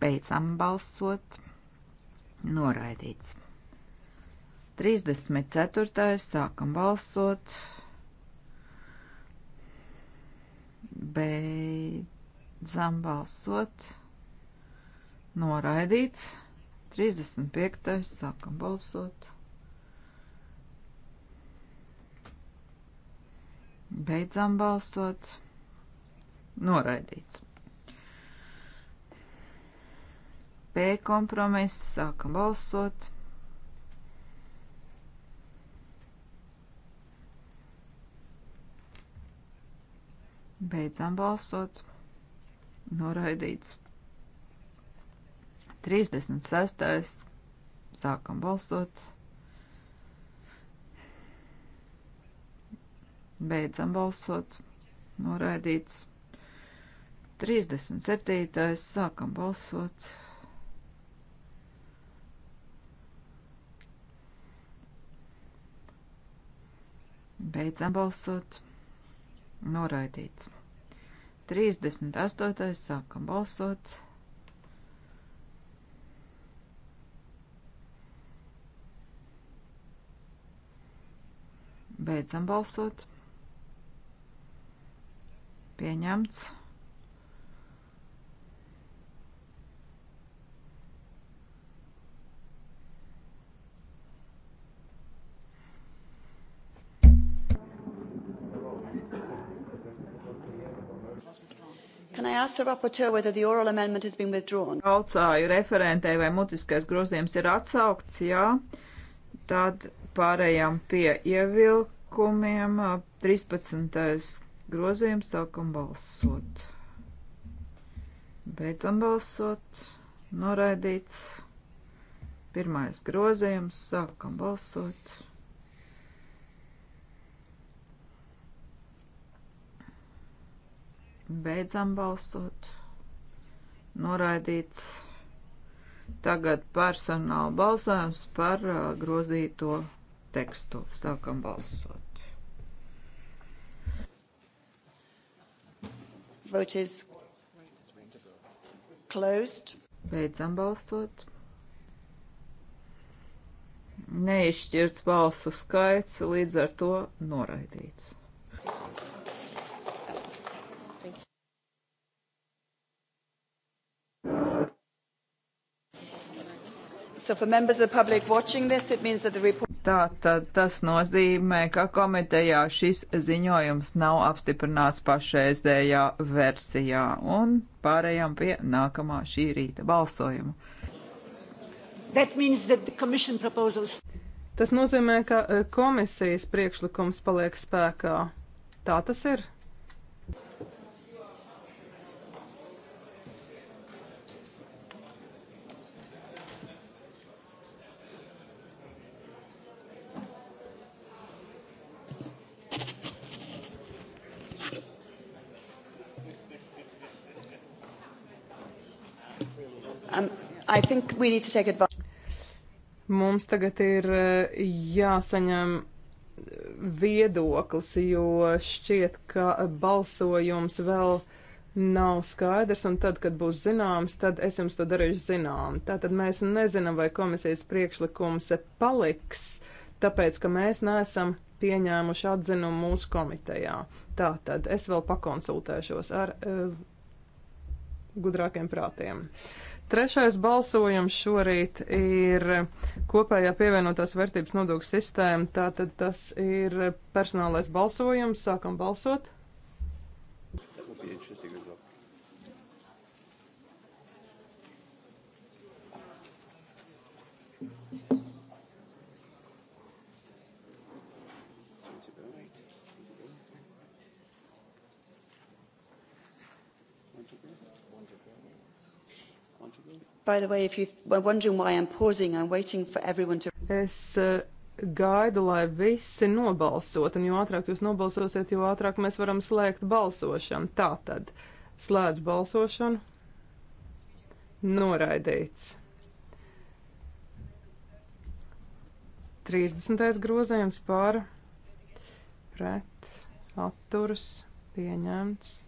Beidzam balsot. Noraidīts. 34. sākam balsot. Beidzam balsot. Noraidīts. 35. Sākam balsot. Beidzam balsot. Noraidīts. P kompromiss. Sākam balsot. Beidzam balsot. Noraidīts. 36. Sākam balsot. Beidzam balsot. Noraidīts. 37. Sākam balsot. Beidzam balsot. Noraidīts. 38. Sākam balsot. Beidzam balsot. Pieņemts. Can I ask the rapporteur whether the oral amendment has been withdrawn? Jautāju referentei, vai mutiskais grozījums ir atsaukts, jā. Tad pārējām pie ievilk priekšlikumiem. 13. grozījums sākam balsot. Beidzam balsot. Noraidīts. Pirmais grozījums sākam balsot. Beidzam balsot. Noraidīts. Tagad personāla balsojums par grozīto tekstu. Sākam balsot. Vote is closed. Beidzam balstot. Neizšķirts balsu skaits, līdz ar to noraidīts. So for members of the public watching this, it means that the report Tā tad tas nozīmē, ka komitejā šis ziņojums nav apstiprināts pašreizējā versijā. Un pārējām pie nākamā šī rīta balsojuma. That that proposals... Tas nozīmē, ka eh, komisijas priekšlikums paliek spēkā. Tā tas ir. Mums tagad ir eh, jāsaņem viedoklis, jo šķiet, ka balsojums vēl nav skaidrs, un tad, kad būs zināms, tad es jums to darīšu zinām. Tātad mēs nezinām, vai komisijas priekšlikums paliks, tāpēc, ka mēs neesam pieņēmuši atzinumu mūsu komitejā. Tātad es vēl pakonsultēšos ar uh, gudrākiem prātiem. Trešais balsojums šorīt ir kopējā pievienotās vērtības nodokļu sistēma. Tātad tas ir personālais balsojums. Sākam balsot. That will be interesting. By the way, if you were wondering why I'm pausing, I'm waiting for everyone to. Es uh, gaidu, lai visi nobalsot, un jo ātrāk jūs nobalsosiet, jo ātrāk mēs varam slēgt balsošanu. Tā tad slēdz balsošanu. Noraidīts. 30. grozējums pār pret atturas pieņemts.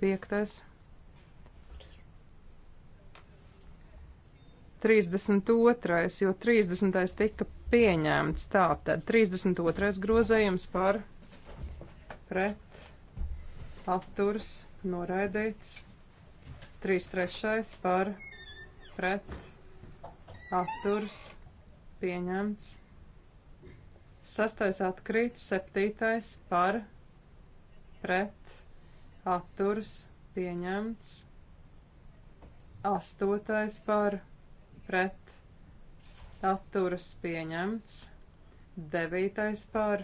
5. 32. jo 30. tika pieņemts. Tātad 32. grozējums par pret, atturs, noraidīts. 33. par pret, atturs, pieņemts. 6. atkrīt, 7. par pret, atturs, pieņemts. 8. par pret pret atturas pieņemts. 9. par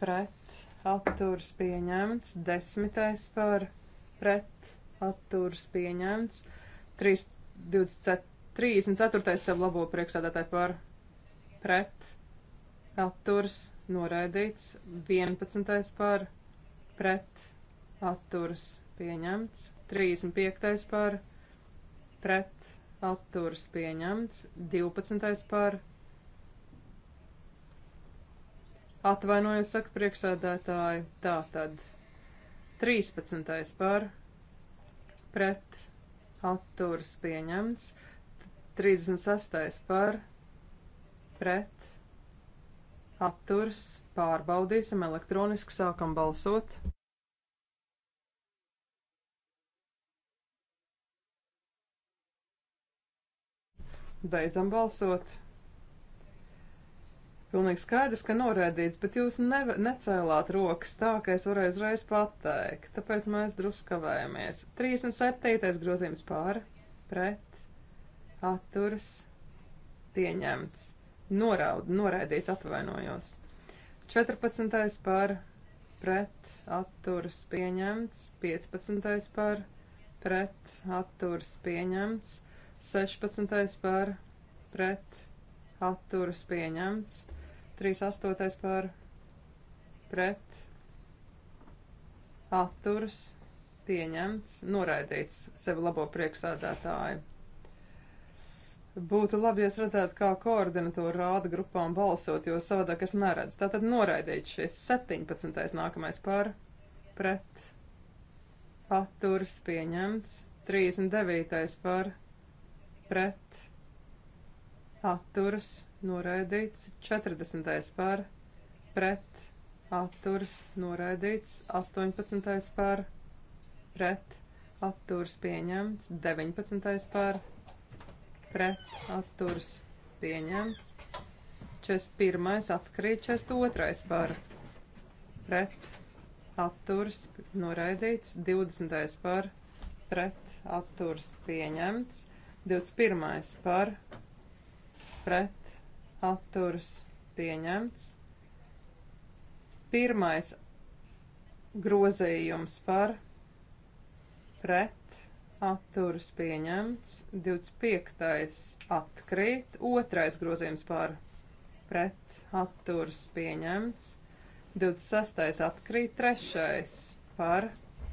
pret atturas pieņemts. 10. par pret atturas pieņemts. 3, 24, 34. sev labo priekšsādātāju par pret atturas noraidīts. 11. par pret atturas pieņemts. 35. par pret atturas pieņemts, 12. par. Atvainojos, saka priekšsēdētāji, tā tad 13. par pret atturas pieņemts, 36. par pret atturas pārbaudīsim elektroniski, sākam balsot. Beidzam balsot. Pilnīgi skaidrs, ka noraidīts, bet jūs ne, necēlāt rokas tā, ka es varēju uzreiz pateikt, tāpēc mēs druskavējamies. 37. grozījums pār, pret, atturas, pieņemts, noraud, noraidīts, atvainojos. 14. par, pret, atturas, pieņemts, 15. par, pret, atturas, pieņemts. 16. par pret atturas pieņemts, 38. par pret atturas pieņemts, noraidīts sevi labo prieksādātāju. Būtu labi, ja es redzētu, kā koordinatūra rāda grupām balsot, jo savādāk es neredzu. Tātad noraidīt šis 17. nākamais par pret atturas pieņemts, 39. par pret pret, atturas, noraidīts, 40. par, pret, atturas, noraidīts, 18. par, pret, atturas, pieņemts, 19. par, pret, atturas, pieņemts, 41. atkrīt, 42. par, pret, atturas, noraidīts, 20. par, pret, atturas, pieņemts, 21. par pret atturas pieņemts. Pirmais grozījums par pret atturas pieņemts. 25. atkrīt. Otrais grozījums par pret atturas pieņemts. 26. atkrīt. Trešais par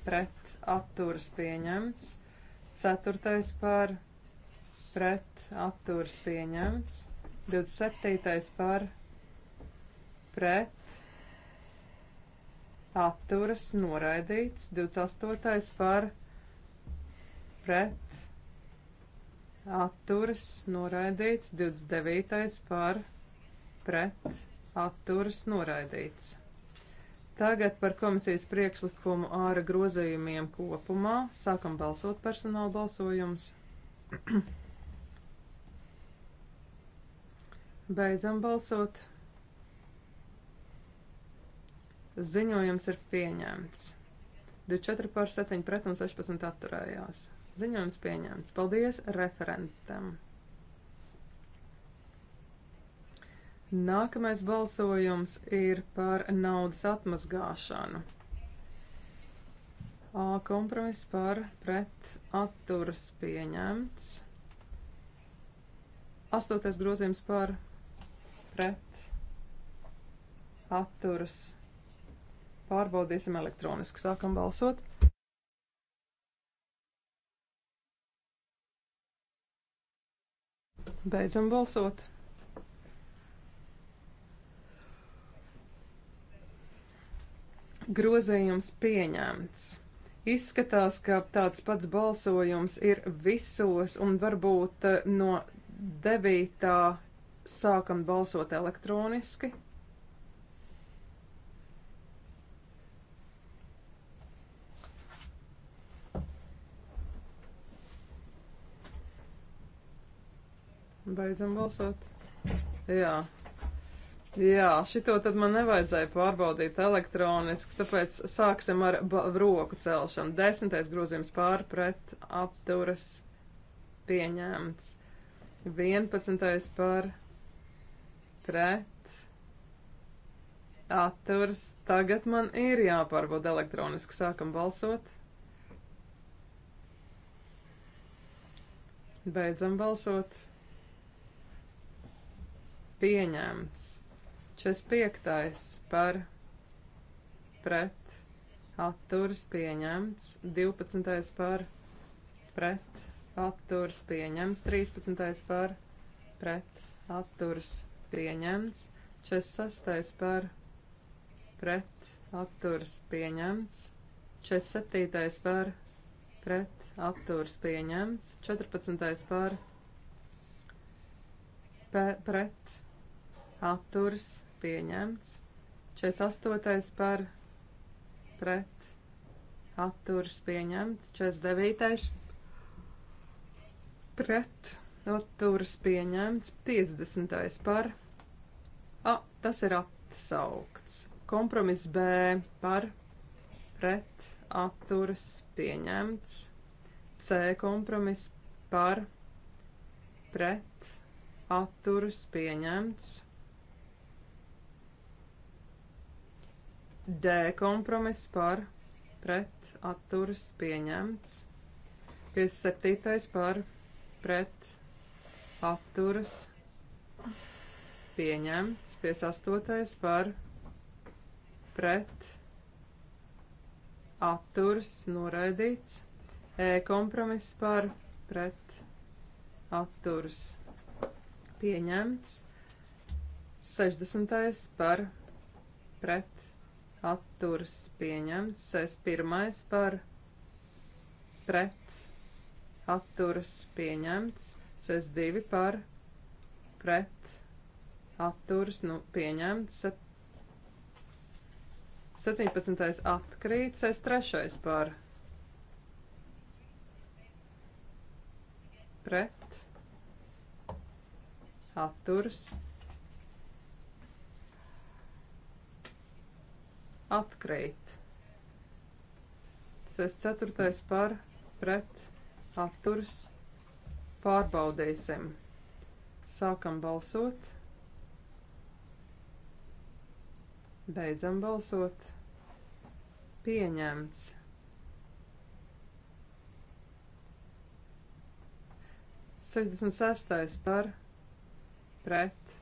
pret atturas pieņemts. Ceturtais par pret pret atturs pieņemts, 27. par pret atturas noraidīts, 28. par pret atturas noraidīts, 29. par pret atturas noraidīts. Tagad par komisijas priekšlikumu āra grozījumiem kopumā sākam balsot personāla balsojums. Beidzam balsot. Ziņojums ir pieņemts. 24 pār 7 pret un 16 atturējās. Ziņojums pieņemts. Paldies referentam. Nākamais balsojums ir par naudas atmazgāšanu. A kompromiss par pret atturas pieņemts. Astotais grozījums par pret atturas. Pārbaudīsim elektroniski. Sākam balsot. Beidzam balsot. Grozījums pieņemts. Izskatās, ka tāds pats balsojums ir visos un varbūt eh, no 9. Sākam balsot elektroniski. Beidzam balsot. Jā. Jā, šito tad man nevajadzēja pārbaudīt elektroniski, tāpēc sāksim ar roku celšanu. Desmitais grozījums pār pret apturas pieņemts. Vienpadsmitais pār pret pret, atturs. Tagad man ir jāpārbauda elektroniski. Sākam balsot. Beidzam balsot. Pieņemts. 45. par pret. Atturs pieņemts. 12. par pret. Atturs pieņemts. 13. par pret. Atturs pieņemts, 46. par pret atturs pieņemts, 47. par pret atturs pieņemts, 14. par pe, pret atturs pieņemts, 48. par pret atturs pieņemts, 49. pret atturs pieņemts atturas pieņemts 50. par. A, tas ir atsaukts. Kompromiss B par pret atturas pieņemts. C kompromiss par pret atturas pieņemts. D kompromiss par pret atturas pieņemts. 57. par pret atturas pieņemts, 58. par pret atturas noraidīts, e kompromiss par pret atturas pieņemts, 60. par pret atturas pieņemts, 61. par pret atturas pieņemts, SS2 par pret atturas, nu, pieņemts. 17. atkrīt, SS3 par pret atturas. Atkrīt. 64. par pret atturas Pārbaudīsim. Sākam balsot. Beidzam balsot. Pieņemts. Sešdesmit sestais par pret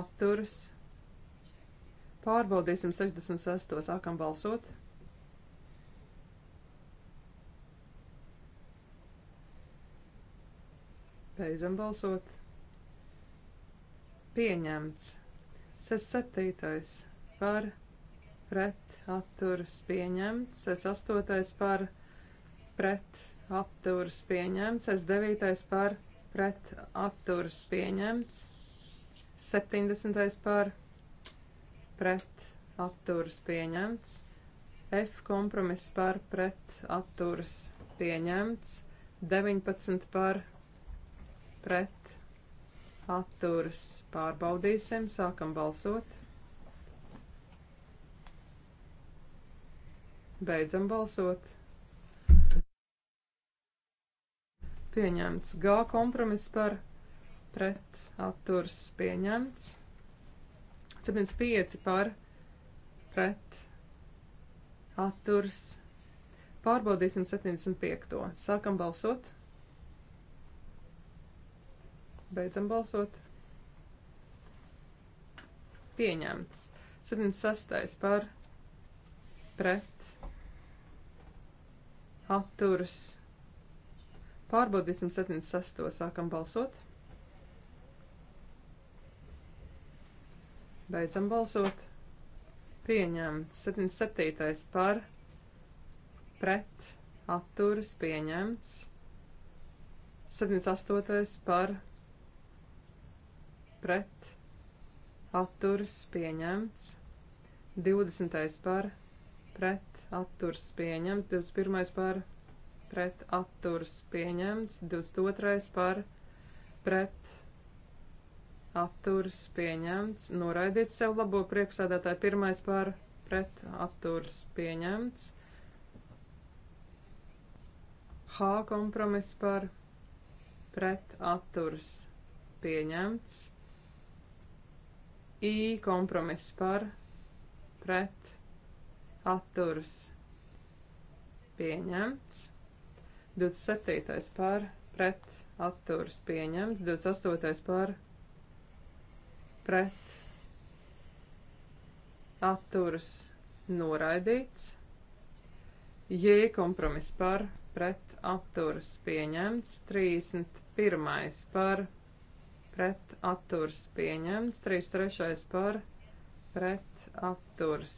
atturas. Pārbaudīsim 66. sākam balsot. Beidzam balsot. Pieņemts. 67. par pret atturas pieņemts. 68. par pret atturas pieņemts. 9. par pret atturas pieņemts. 70. par pret atturas pieņemts. F kompromiss par pret atturas pieņemts. 19 par pret pret, atturas pārbaudīsim, sākam balsot. Beidzam balsot. Pieņemts G kompromiss par pret atturs pieņemts. 75 par pret atturs. Pārbaudīsim 75. Sākam balsot. Beidzam balsot. Pieņemts. 76. par pret atturas. Pārbaudīsim 76. sākam balsot. Beidzam balsot. Pieņemts. 77. par pret atturas pieņemts. 78. par pret pret atturs pieņemts, 20. par pret atturs pieņemts, 21. par pret atturs pieņemts, 22. par pret atturs pieņemts, noraidīt sev labo priekšsēdētāju, 1. par pret atturs pieņemts, H kompromiss par pret atturs pieņemts. I kompromiss par pret atturas pieņemts. 27. par pret atturas pieņemts. 28. par pret atturas noraidīts. J kompromiss par pret atturas pieņemts. 31. par pret pret atturs pieņemts, 3 trešais par pret atturs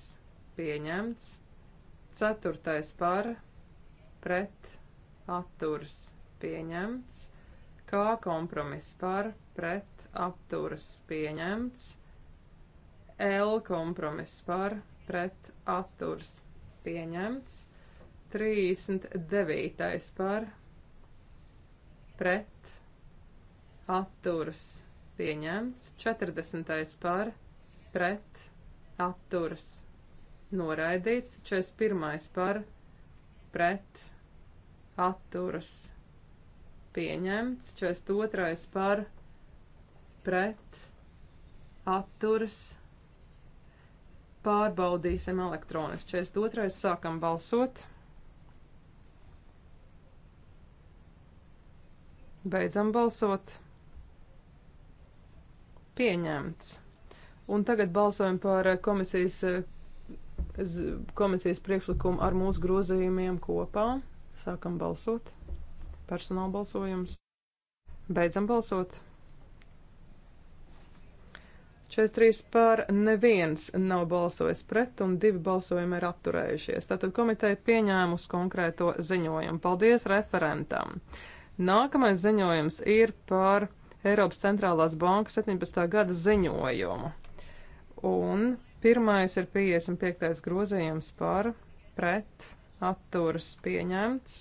pieņemts, 4 par pret atturs pieņemts, kā kompromiss par pret atturs pieņemts, L kompromiss par pret atturs pieņemts, 39 par pret atturs pieņemts atturas pieņemts, 40. par pret atturas noraidīts, 41. par pret atturas pieņemts, 42. par pret atturas pārbaudīsim elektroniski. 42. sākam balsot. Beidzam balsot. Pieņemts. Un tagad balsojam par eh, komisijas, eh, komisijas priekšlikumu ar mūsu grozījumiem kopā. Sākam balsot. Personāla balsojums. Beidzam balsot. 43 pār neviens nav balsojis pret un divi balsojumi ir atturējušies. Tātad komiteja pieņēmus konkrēto ziņojumu. Paldies referentam. Nākamais ziņojums ir par Eiropas centrālās bankas 17. gada ziņojumu. Un pirmais ir 55. grozījums par pret atturas pieņemts.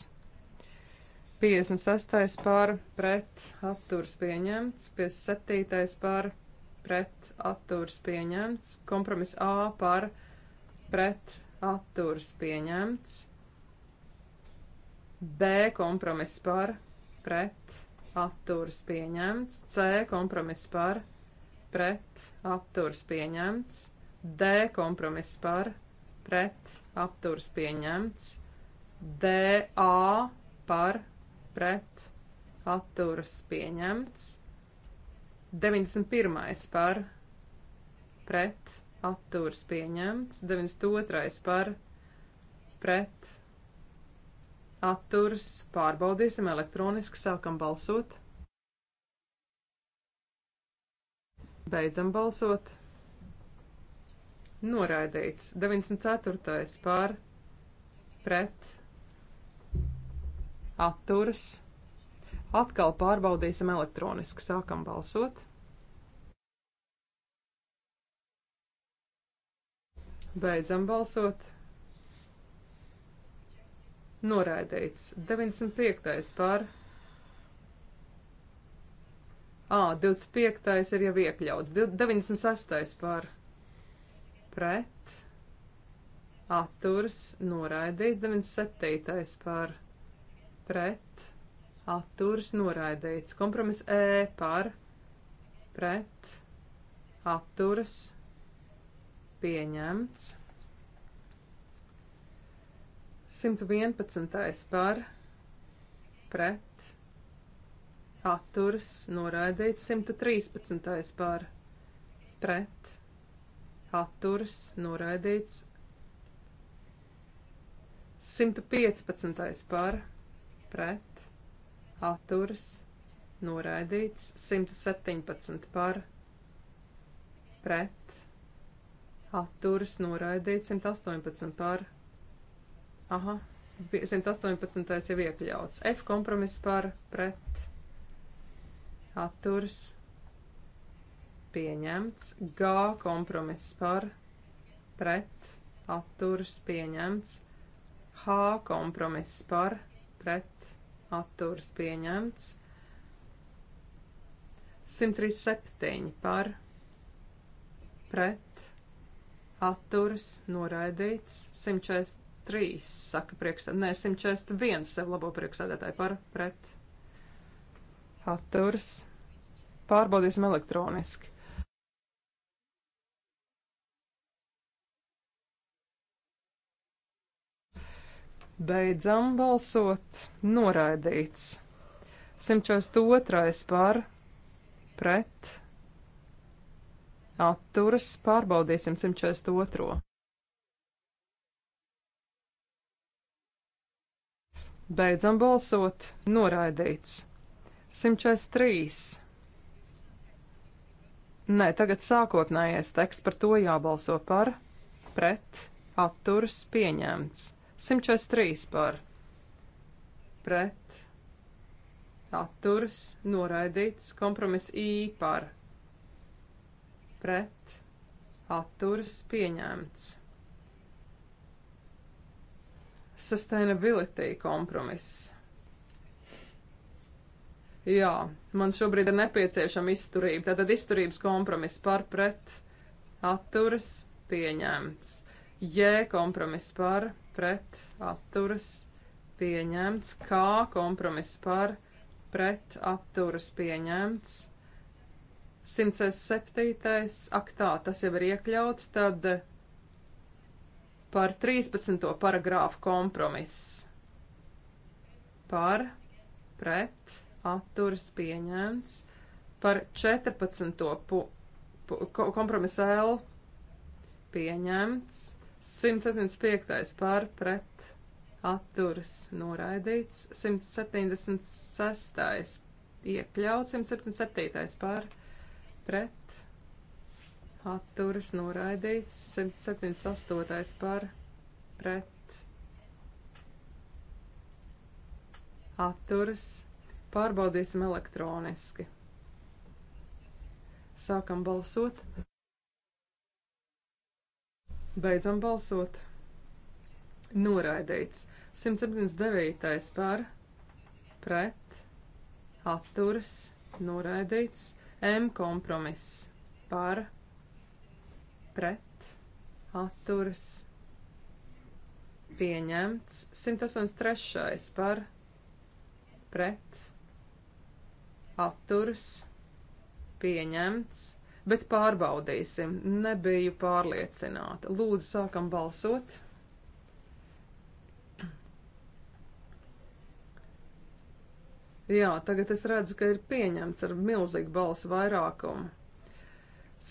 56. par pret atturas pieņemts, 57. par pret atturas pieņemts, kompromiss A par pret atturas pieņemts, B kompromiss par pret atturas pieņemts, C kompromiss par, pret, atturas pieņemts, D kompromiss par, pret, atturas pieņemts, DA par, pret, atturas pieņemts, 91. par, pret, atturas pieņemts, 92. par, pret, atturas, pārbaudīsim elektroniski, sākam balsot. Beidzam balsot. Noraidīts 94. pār, pret, atturas. Atkal pārbaudīsim elektroniski, sākam balsot. Beidzam balsot. Noraidīts. 95. par. Ā, 25. ir jau iekļauts. 96. par. Pret. Atturs. Noraidīts. 97. par. Pret. Atturs. Noraidīts. Kompromiss E par. Pret. Atturs. Pieņemts. 111. par pret atturas noraidīts 113. par pret atturas noraidīts 115. par pret atturas noraidīts 117. par pret atturas noraidīts 118. par pret Aha, 118. jau iekļauts. F kompromiss par pret atturs pieņemts. G kompromiss par pret atturs pieņemts. H kompromiss par pret atturs pieņemts. 137 par pret atturs noraidīts. 140 143, saka priekšsēdētājs, nē, 141 sev labo priekšsēdētāju par pret atturs. Pārbaudīsim elektroniski. Beidzam balsot, noraidīts. 142 par pret atturas pārbaudīsim 142. Beidzam balsot. Noraidīts. 143. Nē, tagad sākotnējais teksts par to jābalso par, pret, atturas pieņemts. 143 par, pret, atturas noraidīts, kompromiss I par, pret, atturas pieņemts sustainability kompromiss. Jā, man šobrīd ir nepieciešama izturība. Tātad izturības kompromiss par pret atturas pieņemts. J kompromiss par pret atturas pieņemts. K kompromiss par pret atturas pieņemts. 107. aktā tas jau ir iekļauts, tad par 13. paragrāfu kompromiss. Par, pret, atturas pieņemts. Par 14. Pu, pu, kompromisu L pieņemts. 175. par, pret, atturas noraidīts. 176. iekļauts. 177. par, pret, atturas noraidīts, 178. par pret atturas. Pārbaudīsim elektroniski. Sākam balsot. Beidzam balsot. Noraidīts. 179. par pret atturas. Noraidīts. M kompromiss par pret pret, atturas, pieņemts. 183. par, pret, atturas, pieņemts. Bet pārbaudīsim, nebiju pārliecināta. Lūdzu, sākam balsot. Jā, tagad es redzu, ka ir pieņemts ar milzīgu balsu vairākumu.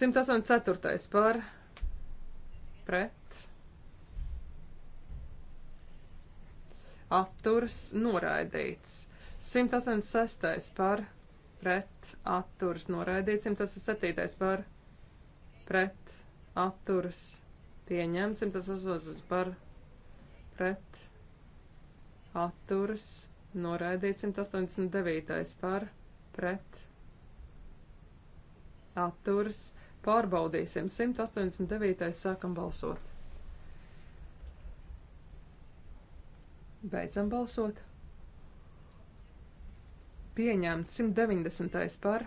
184. par pret, atturas noraidīts. 186. par pret, atturas noraidīts. 187. par pret, atturas pieņemts. 188. par pret, atturas noraidīts. 189. par pret, atturas pieņemts Pārbaudīsim. 189. sākam balsot. Beidzam balsot. Pieņemts 190. par,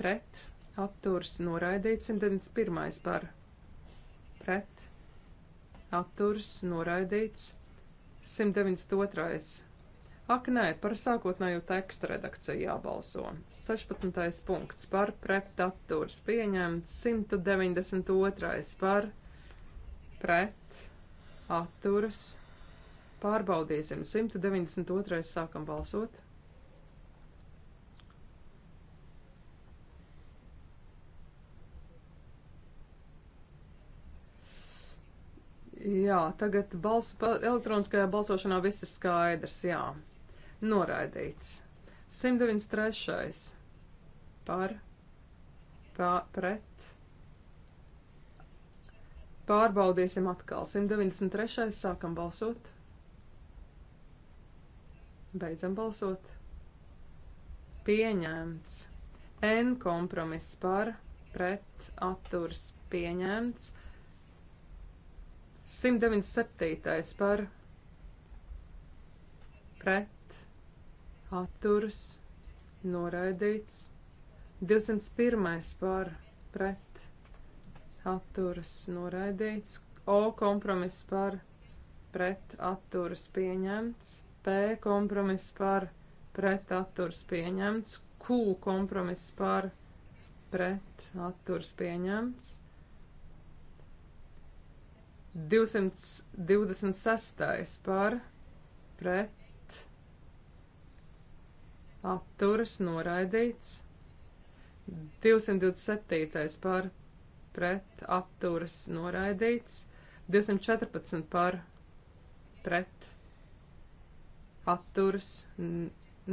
pret, atturs, noraidīts 191. par, pret, atturs, noraidīts 192. Ak, nē, par sākotnējo tekstu redakciju jābalso. 16. punkts par pretaturs pieņemts, 192. par pret atturs. Pārbaudīsim, 192. sākam balsot. Jā, tagad balsu, elektroniskajā balsošanā viss ir skaidrs, jā. Noraidīts. 193. Par. Pā, pret. Pārbaudīsim atkal. 193. sākam balsot. Beidzam balsot. Pieņemts. N kompromiss par, pret, atturs pieņemts. 197. par, pret, atturas, noraidīts. 201. par pret, atturas, noraidīts. O kompromiss par pret, atturas, pieņemts. P kompromiss par pret, atturas, pieņemts. Q kompromiss par pret, atturas, pieņemts. 226. par pret atturas noraidīts. 227. par pret atturas noraidīts. 214 par pret atturas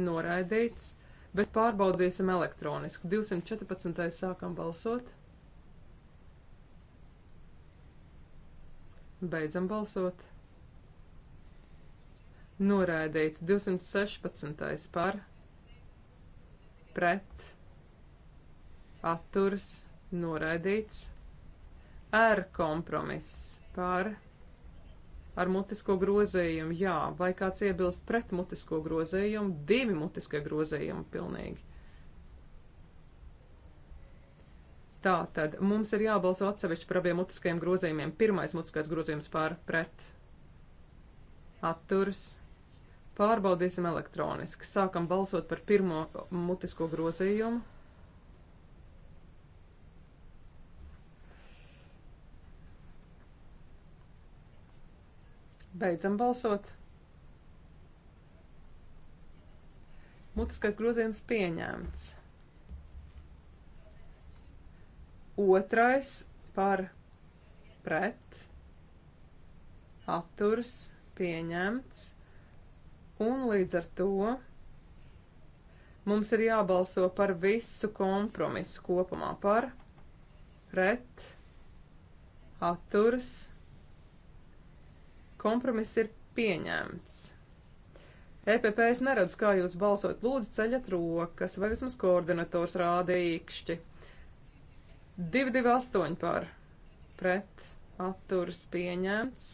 noraidīts. Bet pārbaudīsim elektroniski. 214. sākam balsot. Beidzam balsot. Noraidīts 216. par pret pret, atturs, noraidīts. R kompromiss par ar mutisko grozījumu, jā, vai kāds iebilst pret mutisko grozījumu, divi mutiskie grozījumi pilnīgi. Tā tad mums ir jābalso atsevišķi par abiem mutiskajiem grozījumiem. Pirmais mutiskais grozījums par pret atturs Pārbaudīsim elektroniski. Sākam balsot par pirmo mutisko grozījumu. Beidzam balsot. Mutiskais grozījums pieņemts. Otrais par pret atturs pieņemts. Un līdz ar to mums ir jābalso par visu kompromisu kopumā par pret, atturas. Kompromiss ir pieņemts. EPP es neredzu, kā jūs balsot. Lūdzu, ceļat rokas, vai vismaz koordinators rāda īkšķi. 228 par pret, atturas pieņemts.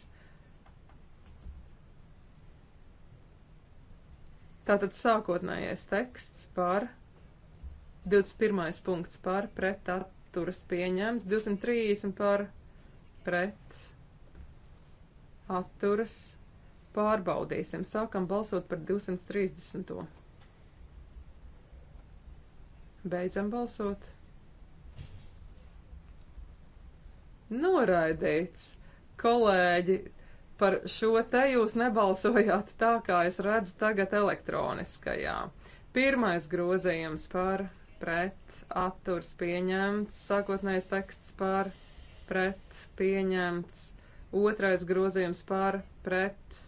Tātad sākotnējais teksts par 21. punkts par pret atturas pieņemts, 230 par pret atturas pārbaudīsim. Sākam balsot par 230. Beidzam balsot. Noraidīts. Kolēģi, Par šo te jūs nebalsojāt tā, kā es redzu tagad elektroniskajā. Pirmais grozījums par pret atturs pieņemts, sākotnējais teksts par pret pieņemts, otrais grozījums par pret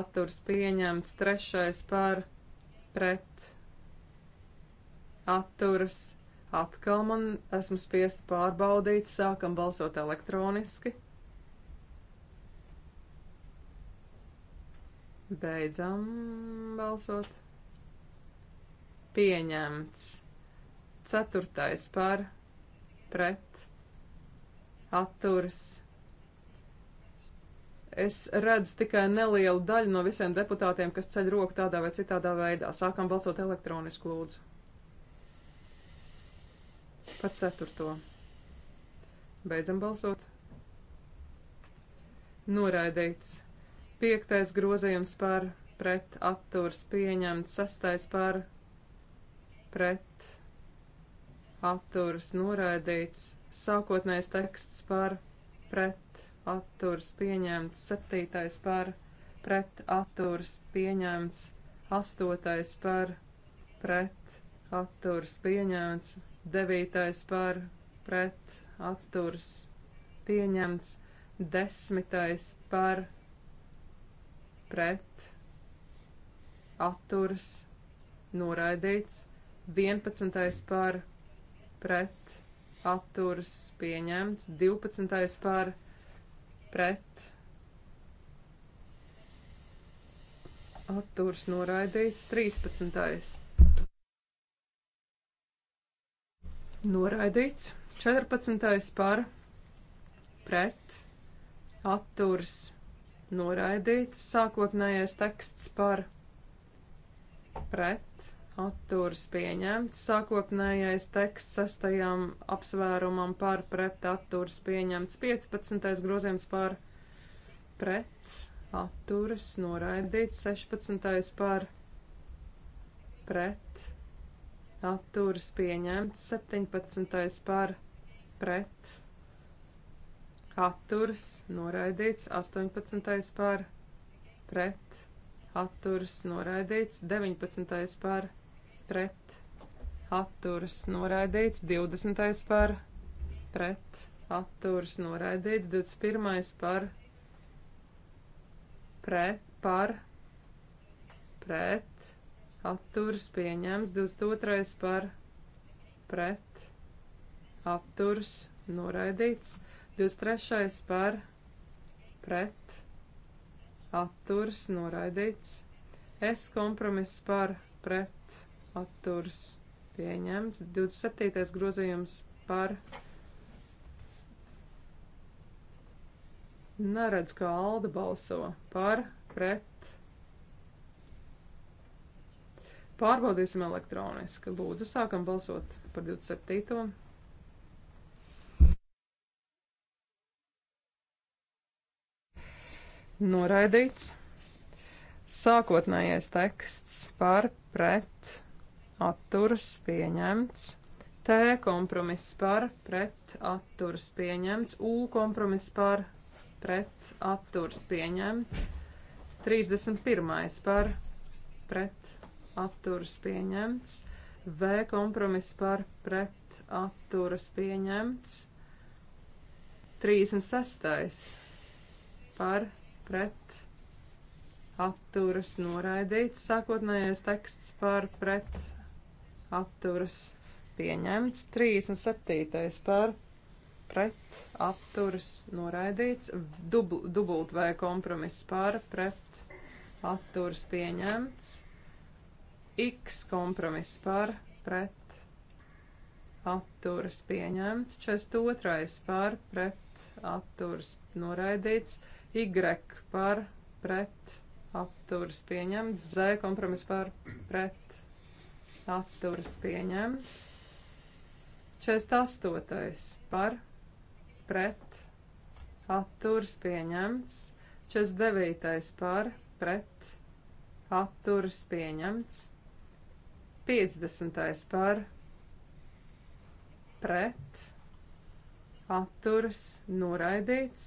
atturs pieņemts, trešais par pret atturs. Atkal man esmu spiest pārbaudīt, sākam balsot elektroniski. Beidzam balsot. Pieņemts. Ceturtais par pret atturas. Es redzu tikai nelielu daļu no visiem deputātiem, kas ceļ roku tādā vai citādā veidā. Sākam balsot elektroniski lūdzu. Par ceturto. Beidzam balsot. Noraidīts. Piektais grozījums par pret atturs pieņemts, sastais par pret atturs noraidīts, sākotnējais teksts par pret atturs pieņemts, septītais par pret atturs pieņemts, astotais par pret atturs pieņemts, devītais par pret atturs pieņemts, desmitais par pret pret, atturas, noraidīts, 11. par, pret, atturas, pieņemts, 12. par, pret, atturas, noraidīts, 13. Noraidīts, 14. par, pret, atturas, noraidīts. Sākotnējais teksts par pret atturas pieņemts. Sākotnējais teksts sastajam apsvērumam par pret atturas pieņemts. 15. grozījums par pret atturas noraidīts. 16. par pret atturas pieņemts. 17. par pret atturas noraidīts, 18. par pret, atturas noraidīts, 19. par pret, atturas noraidīts, 20. par pret, atturas noraidīts, 21. par pret, par pret, atturas pieņems, 22. par pret, atturas noraidīts. 23. par pret atturs noraidīts. S kompromiss par pret atturs pieņemts. 27. grozījums par Neredz, kā Alda balso par pret. Pārbaudīsim elektroniski. Lūdzu, sākam balsot par 27. noraidīts. Sākotnējais teksts par pret atturas pieņemts. T kompromiss par pret atturas pieņemts. U kompromiss par pret atturas pieņemts. 31. par pret atturas pieņemts. V kompromiss par pret atturas pieņemts. 36. par pret pret atturas noraidīts, sākotnējais teksts par pret atturas pieņemts, 37. par pret atturas noraidīts, dubl, dubult vai kompromiss par pret atturas pieņemts, x kompromiss par pret atturas pieņemts, 42. par pret atturas noraidīts, 42 Y par pret atturas pieņemts, Z kompromiss par pret atturas pieņemts, 48. par pret atturas pieņemts, 49. par pret atturas pieņemts, 50. par pret atturas noraidīts.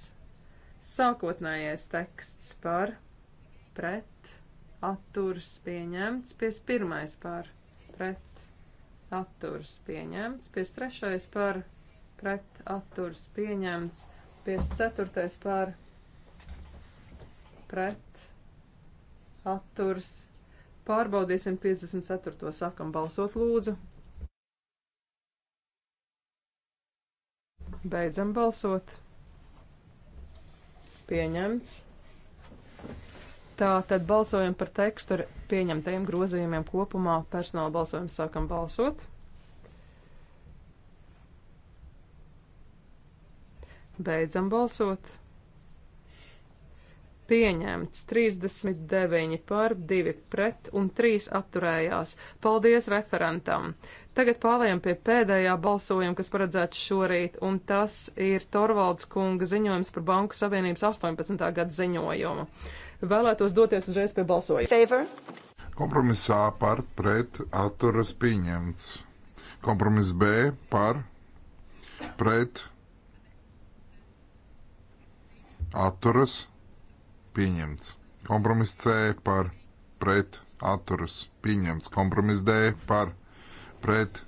Sākotnējais teksts par pret atturs pieņemts, 51. par pret atturs pieņemts, 53. par pret atturs pieņemts, 54. par pret atturs. Pārbaudīsim 54. sākam balsot lūdzu. Beidzam balsot. Pieņemts. Tā tad balsojam par tekstu ar pieņemtajiem grozījumiem kopumā. Personāla balsojumu sākam balsot. Beidzam balsot pieņemts 39 par, 2 pret un 3 atturējās. Paldies referentam! Tagad pārējām pie pēdējā balsojuma, kas paredzēts šorīt, un tas ir Torvalds kunga ziņojums par Banku Savienības 18. gada ziņojumu. Vēlētos doties uzreiz pie balsojuma. Favor. Kompromisā par pret atturas pieņemts. Kompromiss B par pret atturas pieņemts pieņemts. Kompromiss C par pret atturas pieņemts. Kompromiss D par pret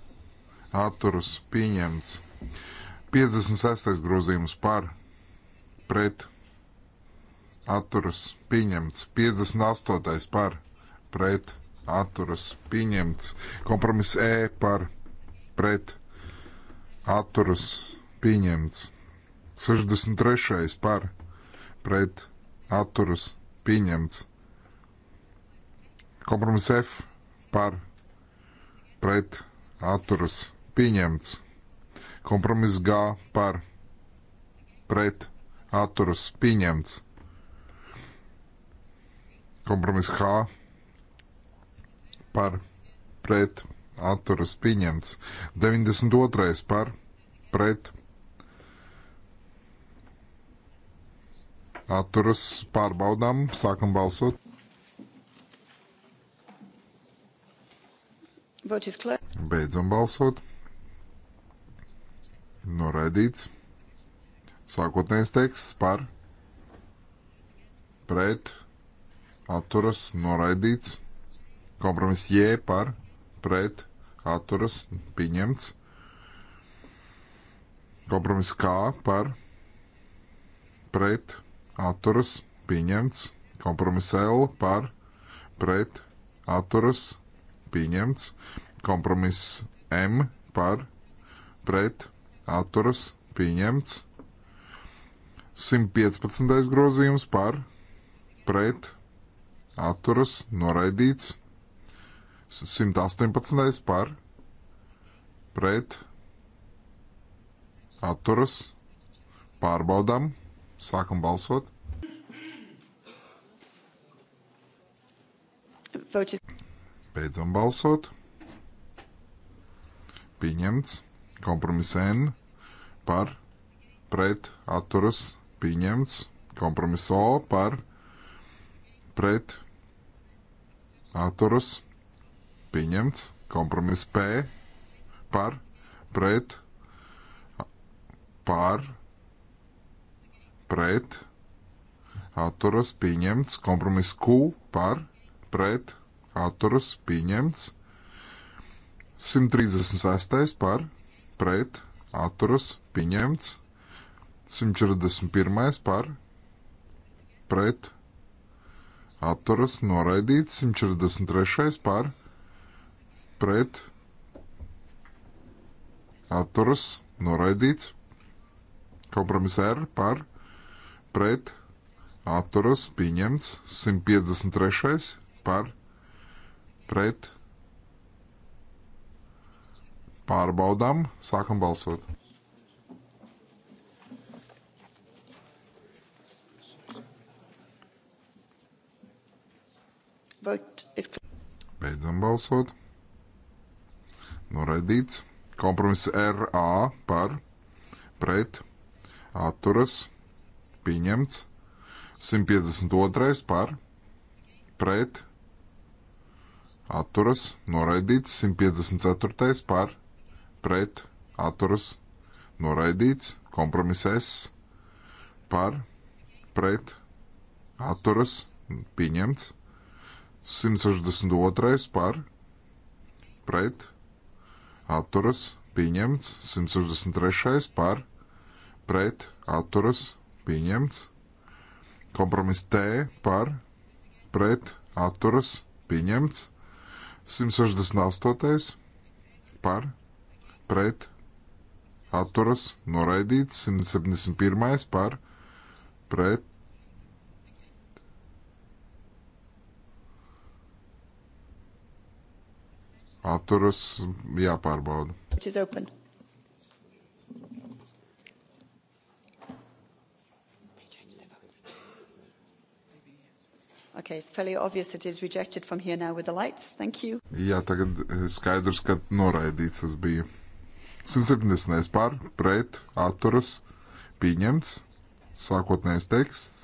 atturas pieņemts. 56. grozījums par pret atturas pieņemts. 58. par pret atturas pieņemts. Kompromiss E par pret atturas pieņemts. 63. par pret atturas pieņemts. Kompromiss F par pret atturas pieņemts. Kompromiss G par pret atturas pieņemts. Kompromiss H par pret atturas pieņemts. 92. par pret atturas pārbaudām, sākam balsot. Beidzam balsot. Noraidīts. Sākotnējais teksts par, pret, atturas, noraidīts. Kompromiss J par, pret, atturas, pieņemts. Kompromiss K par, pret, atturas atturas pieņemts. Kompromiss L par pret atturas pieņemts. Kompromiss M par pret atturas pieņemts. 115. grozījums par pret atturas noraidīts. 118. par pret atturas pārbaudām, sākam balsot. Vote is... Beidzam balsot. Pieņemts. Kompromiss N par pret atturas pieņemts. Kompromiss O par pret atturas pieņemts. Kompromiss P par pret par pret atturas pieņemts. Kompromiss Q par pret pret atturas pieņemts. 136. par pret atturas pieņemts. 141. par pret atturas noraidīts. 143. par pret atturas noraidīts. Kompromiss R par pret atturas pieņemts. 153 par pret pārbaudām, sākam balsot. Beidzam balsot. Noraidīts. Kompromiss RA par pret atturas pieņemts. 152 par pret atturas, noraidīts 154. par, pret, atturas, noraidīts kompromiss S par, pret, atturas, pieņemts 162. par, pret, atturas, pieņemts 163. par, pret, atturas, pieņemts kompromiss T par, pret, atturas, pieņemts 168. par, pret, atturas, noraidīts. 171. par, pret. Atturas jāpārbauda. It is open. Okay, it's fairly obvious it is rejected from here now with the lights. Thank you. Jā, tagad eh, skaidrs, ka noraidīts tas bija. 170. par, pret, atturas, pieņemts, sākotnējais teksts,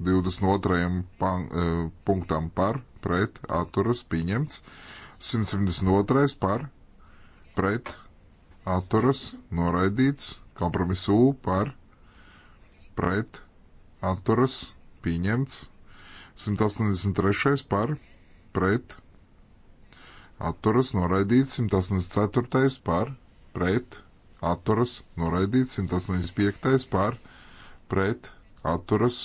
22. Pan, uh, punktam par, pret, atturas, pieņemts, 172. par, pret, atturas, noraidīts, kompromisu par, pret, atturas, pieņemts. 183. par pret atturas noraidīts. 184. par pret atturas noraidīts. 185. par pret atturas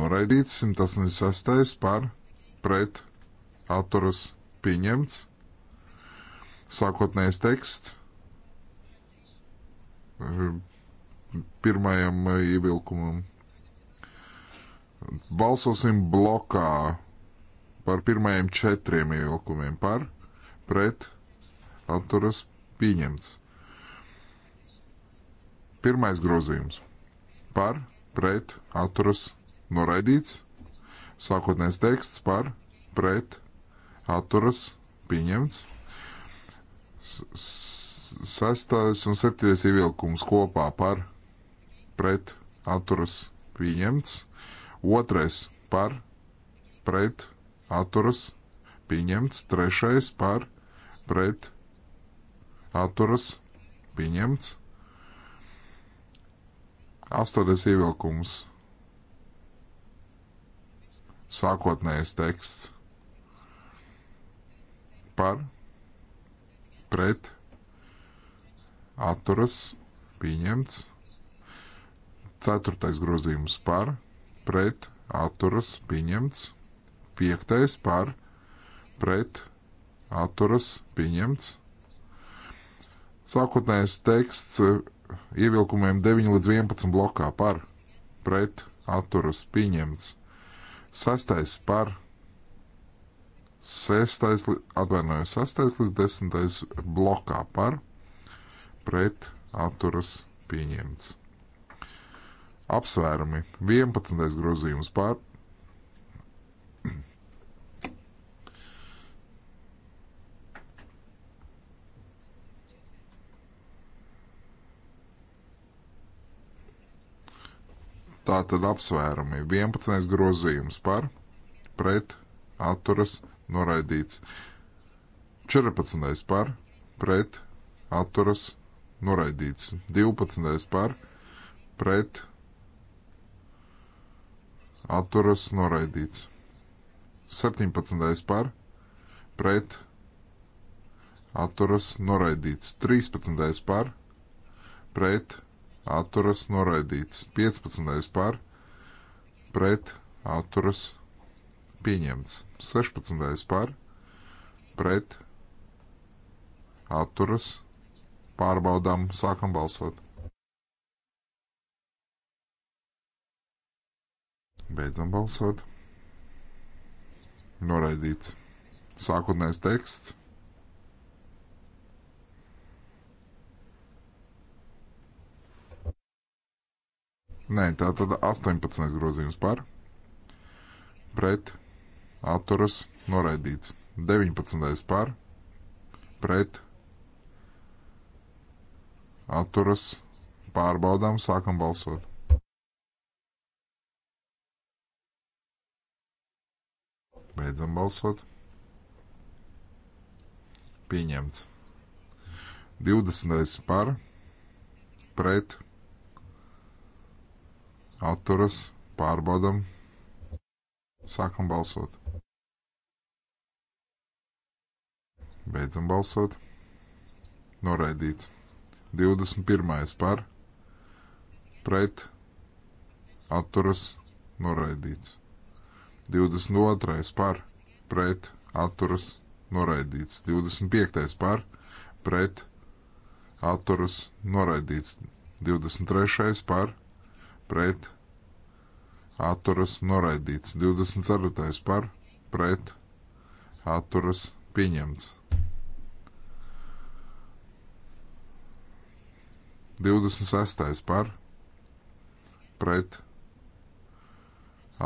noraidīts. 186. par pret atturas pieņemts. Sākotnējais teksts pirmajam ievilkumam. Balsosim blokā par pirmajiem četriem ievilkumiem par, pret, atturas pieņemts. Pirmais grozījums par, pret, atturas noraidīts. Sākotnēs teksts par, pret, atturas pieņemts. Sestais un septītais ievilkums kopā par, pret, atturas pieņemts Otrais par pret atturas pieņemts. Trešais par pret atturas pieņemts. Astoties ievilkums. Sākotnējais teksts par pret atturas pieņemts. Ceturtais grozījums par pret atturas pieņemts. Piektais par pret atturas pieņemts. Sākotnējais teksts ievilkumiem 9 līdz 11 blokā par pret atturas pieņemts. Sastais par sestais, atvainojos, sastais līdz desmitais blokā par pret atturas pieņemts. Apsvērumi 11. grozījums pār. Tātad apsvērumi 11. grozījums par, pret, atturas, noraidīts. 14. par, pret, atturas, noraidīts. 12. par, pret, atturas noraidīts. 17. par pret atturas noraidīts. 13. par pret atturas noraidīts. 15. par pret atturas pieņemts. 16. par pret atturas pārbaudām sākam balsot. Beidzam balsot. Noraidīts. Sākotnējais teksts. Nē, tā tad 18. grozījums par, pret, atturas, noraidīts. 19. par, pret, atturas, pārbaudām, sākam balsot. Beidzam balsot. Pieņemts. 20. par, pret, atturas, pārbaudam, sākam balsot. Beidzam balsot. Noraidīts. 21. par, pret, atturas, noraidīts. 22. par pret atturas noraidīts. 25. par pret atturas noraidīts. 23. par pret atturas noraidīts. 24. par pret atturas pieņemts. 26. par pret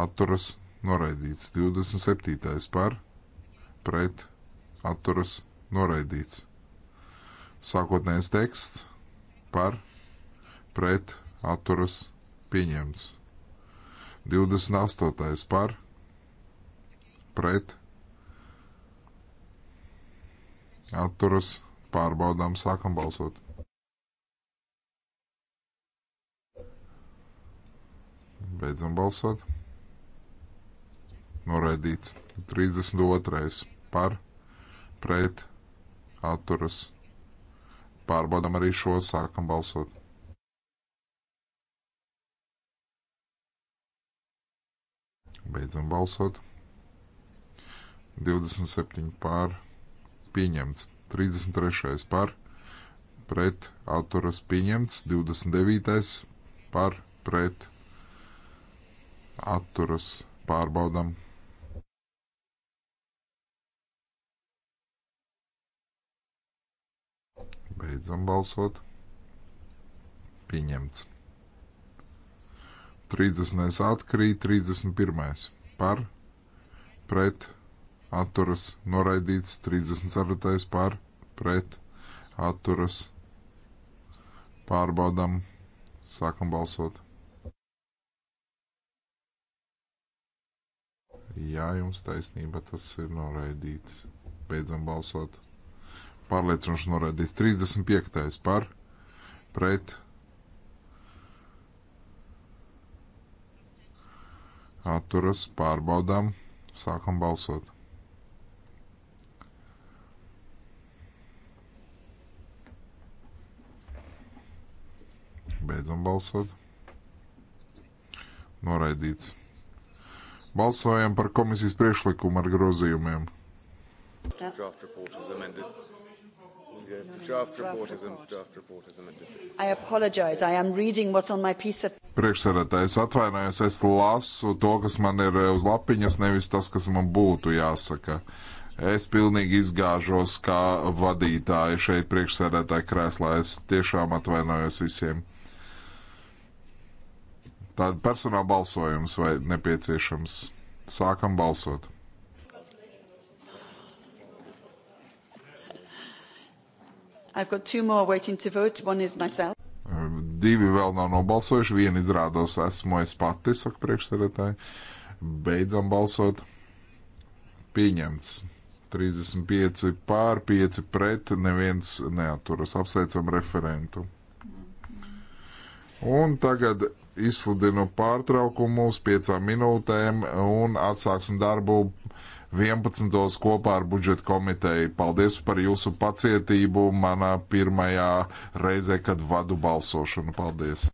atturas noraidīts. 27. par, pret, atturas, noraidīts. Sākotnējais teksts par, pret, atturas, pieņemts. 28. par, pret, atturas, pārbaudām, sākam balsot. Beidzam balsot noraidīts. 32. par, pret, atturas. Pārbaudam arī šo, sākam balsot. Beidzam balsot. 27 pār, pieņemts. 33. par, pret, atturas, pieņemts. 29. par, pret, atturas, pārbaudam Beidzam balsot. Pieņemts. 30. atkrīt, 31. par, pret, atturas, noraidīts, 34. par, pret, atturas, pārbaudam, sākam balsot. Jā, jums taisnība, tas ir noraidīts. Beidzam balsot pārliecinoši norādīts. 35. par pret atturas pārbaudām. Sākam balsot. Beidzam balsot. Noraidīts. Balsojam par komisijas priekšlikumu ar grozījumiem. Draft report is amended. Yes, the draft report is draft report is amended. I apologize. I am reading what's on my piece of. Priekšsēdētājs atvainojos, es lasu to, kas man ir eh, uz lapiņas, nevis tas, kas man būtu jāsaka. Es pilnīgi izgāžos kā vadītāja šeit priekšsēdētāja krēslā. Es tiešām atvainojos visiem. Tāda personāla balsojums vai nepieciešams. Sākam balsot. I've got two more waiting to vote. One is myself. Divi vēl nav nobalsojuši. Vienu izrādos esmu es pati, saka priekšsēdētāji. Beidzam balsot. Pieņemts. 35 pār, 5 pret, neviens neaturas. Apsveicam referentu. Un tagad izsludinu pārtraukumu uz 5 minūtēm un atsāksim darbu 11. kopā ar budžeta komiteju. Paldies par jūsu pacietību manā pirmajā reizē, kad vadu balsošanu. Paldies!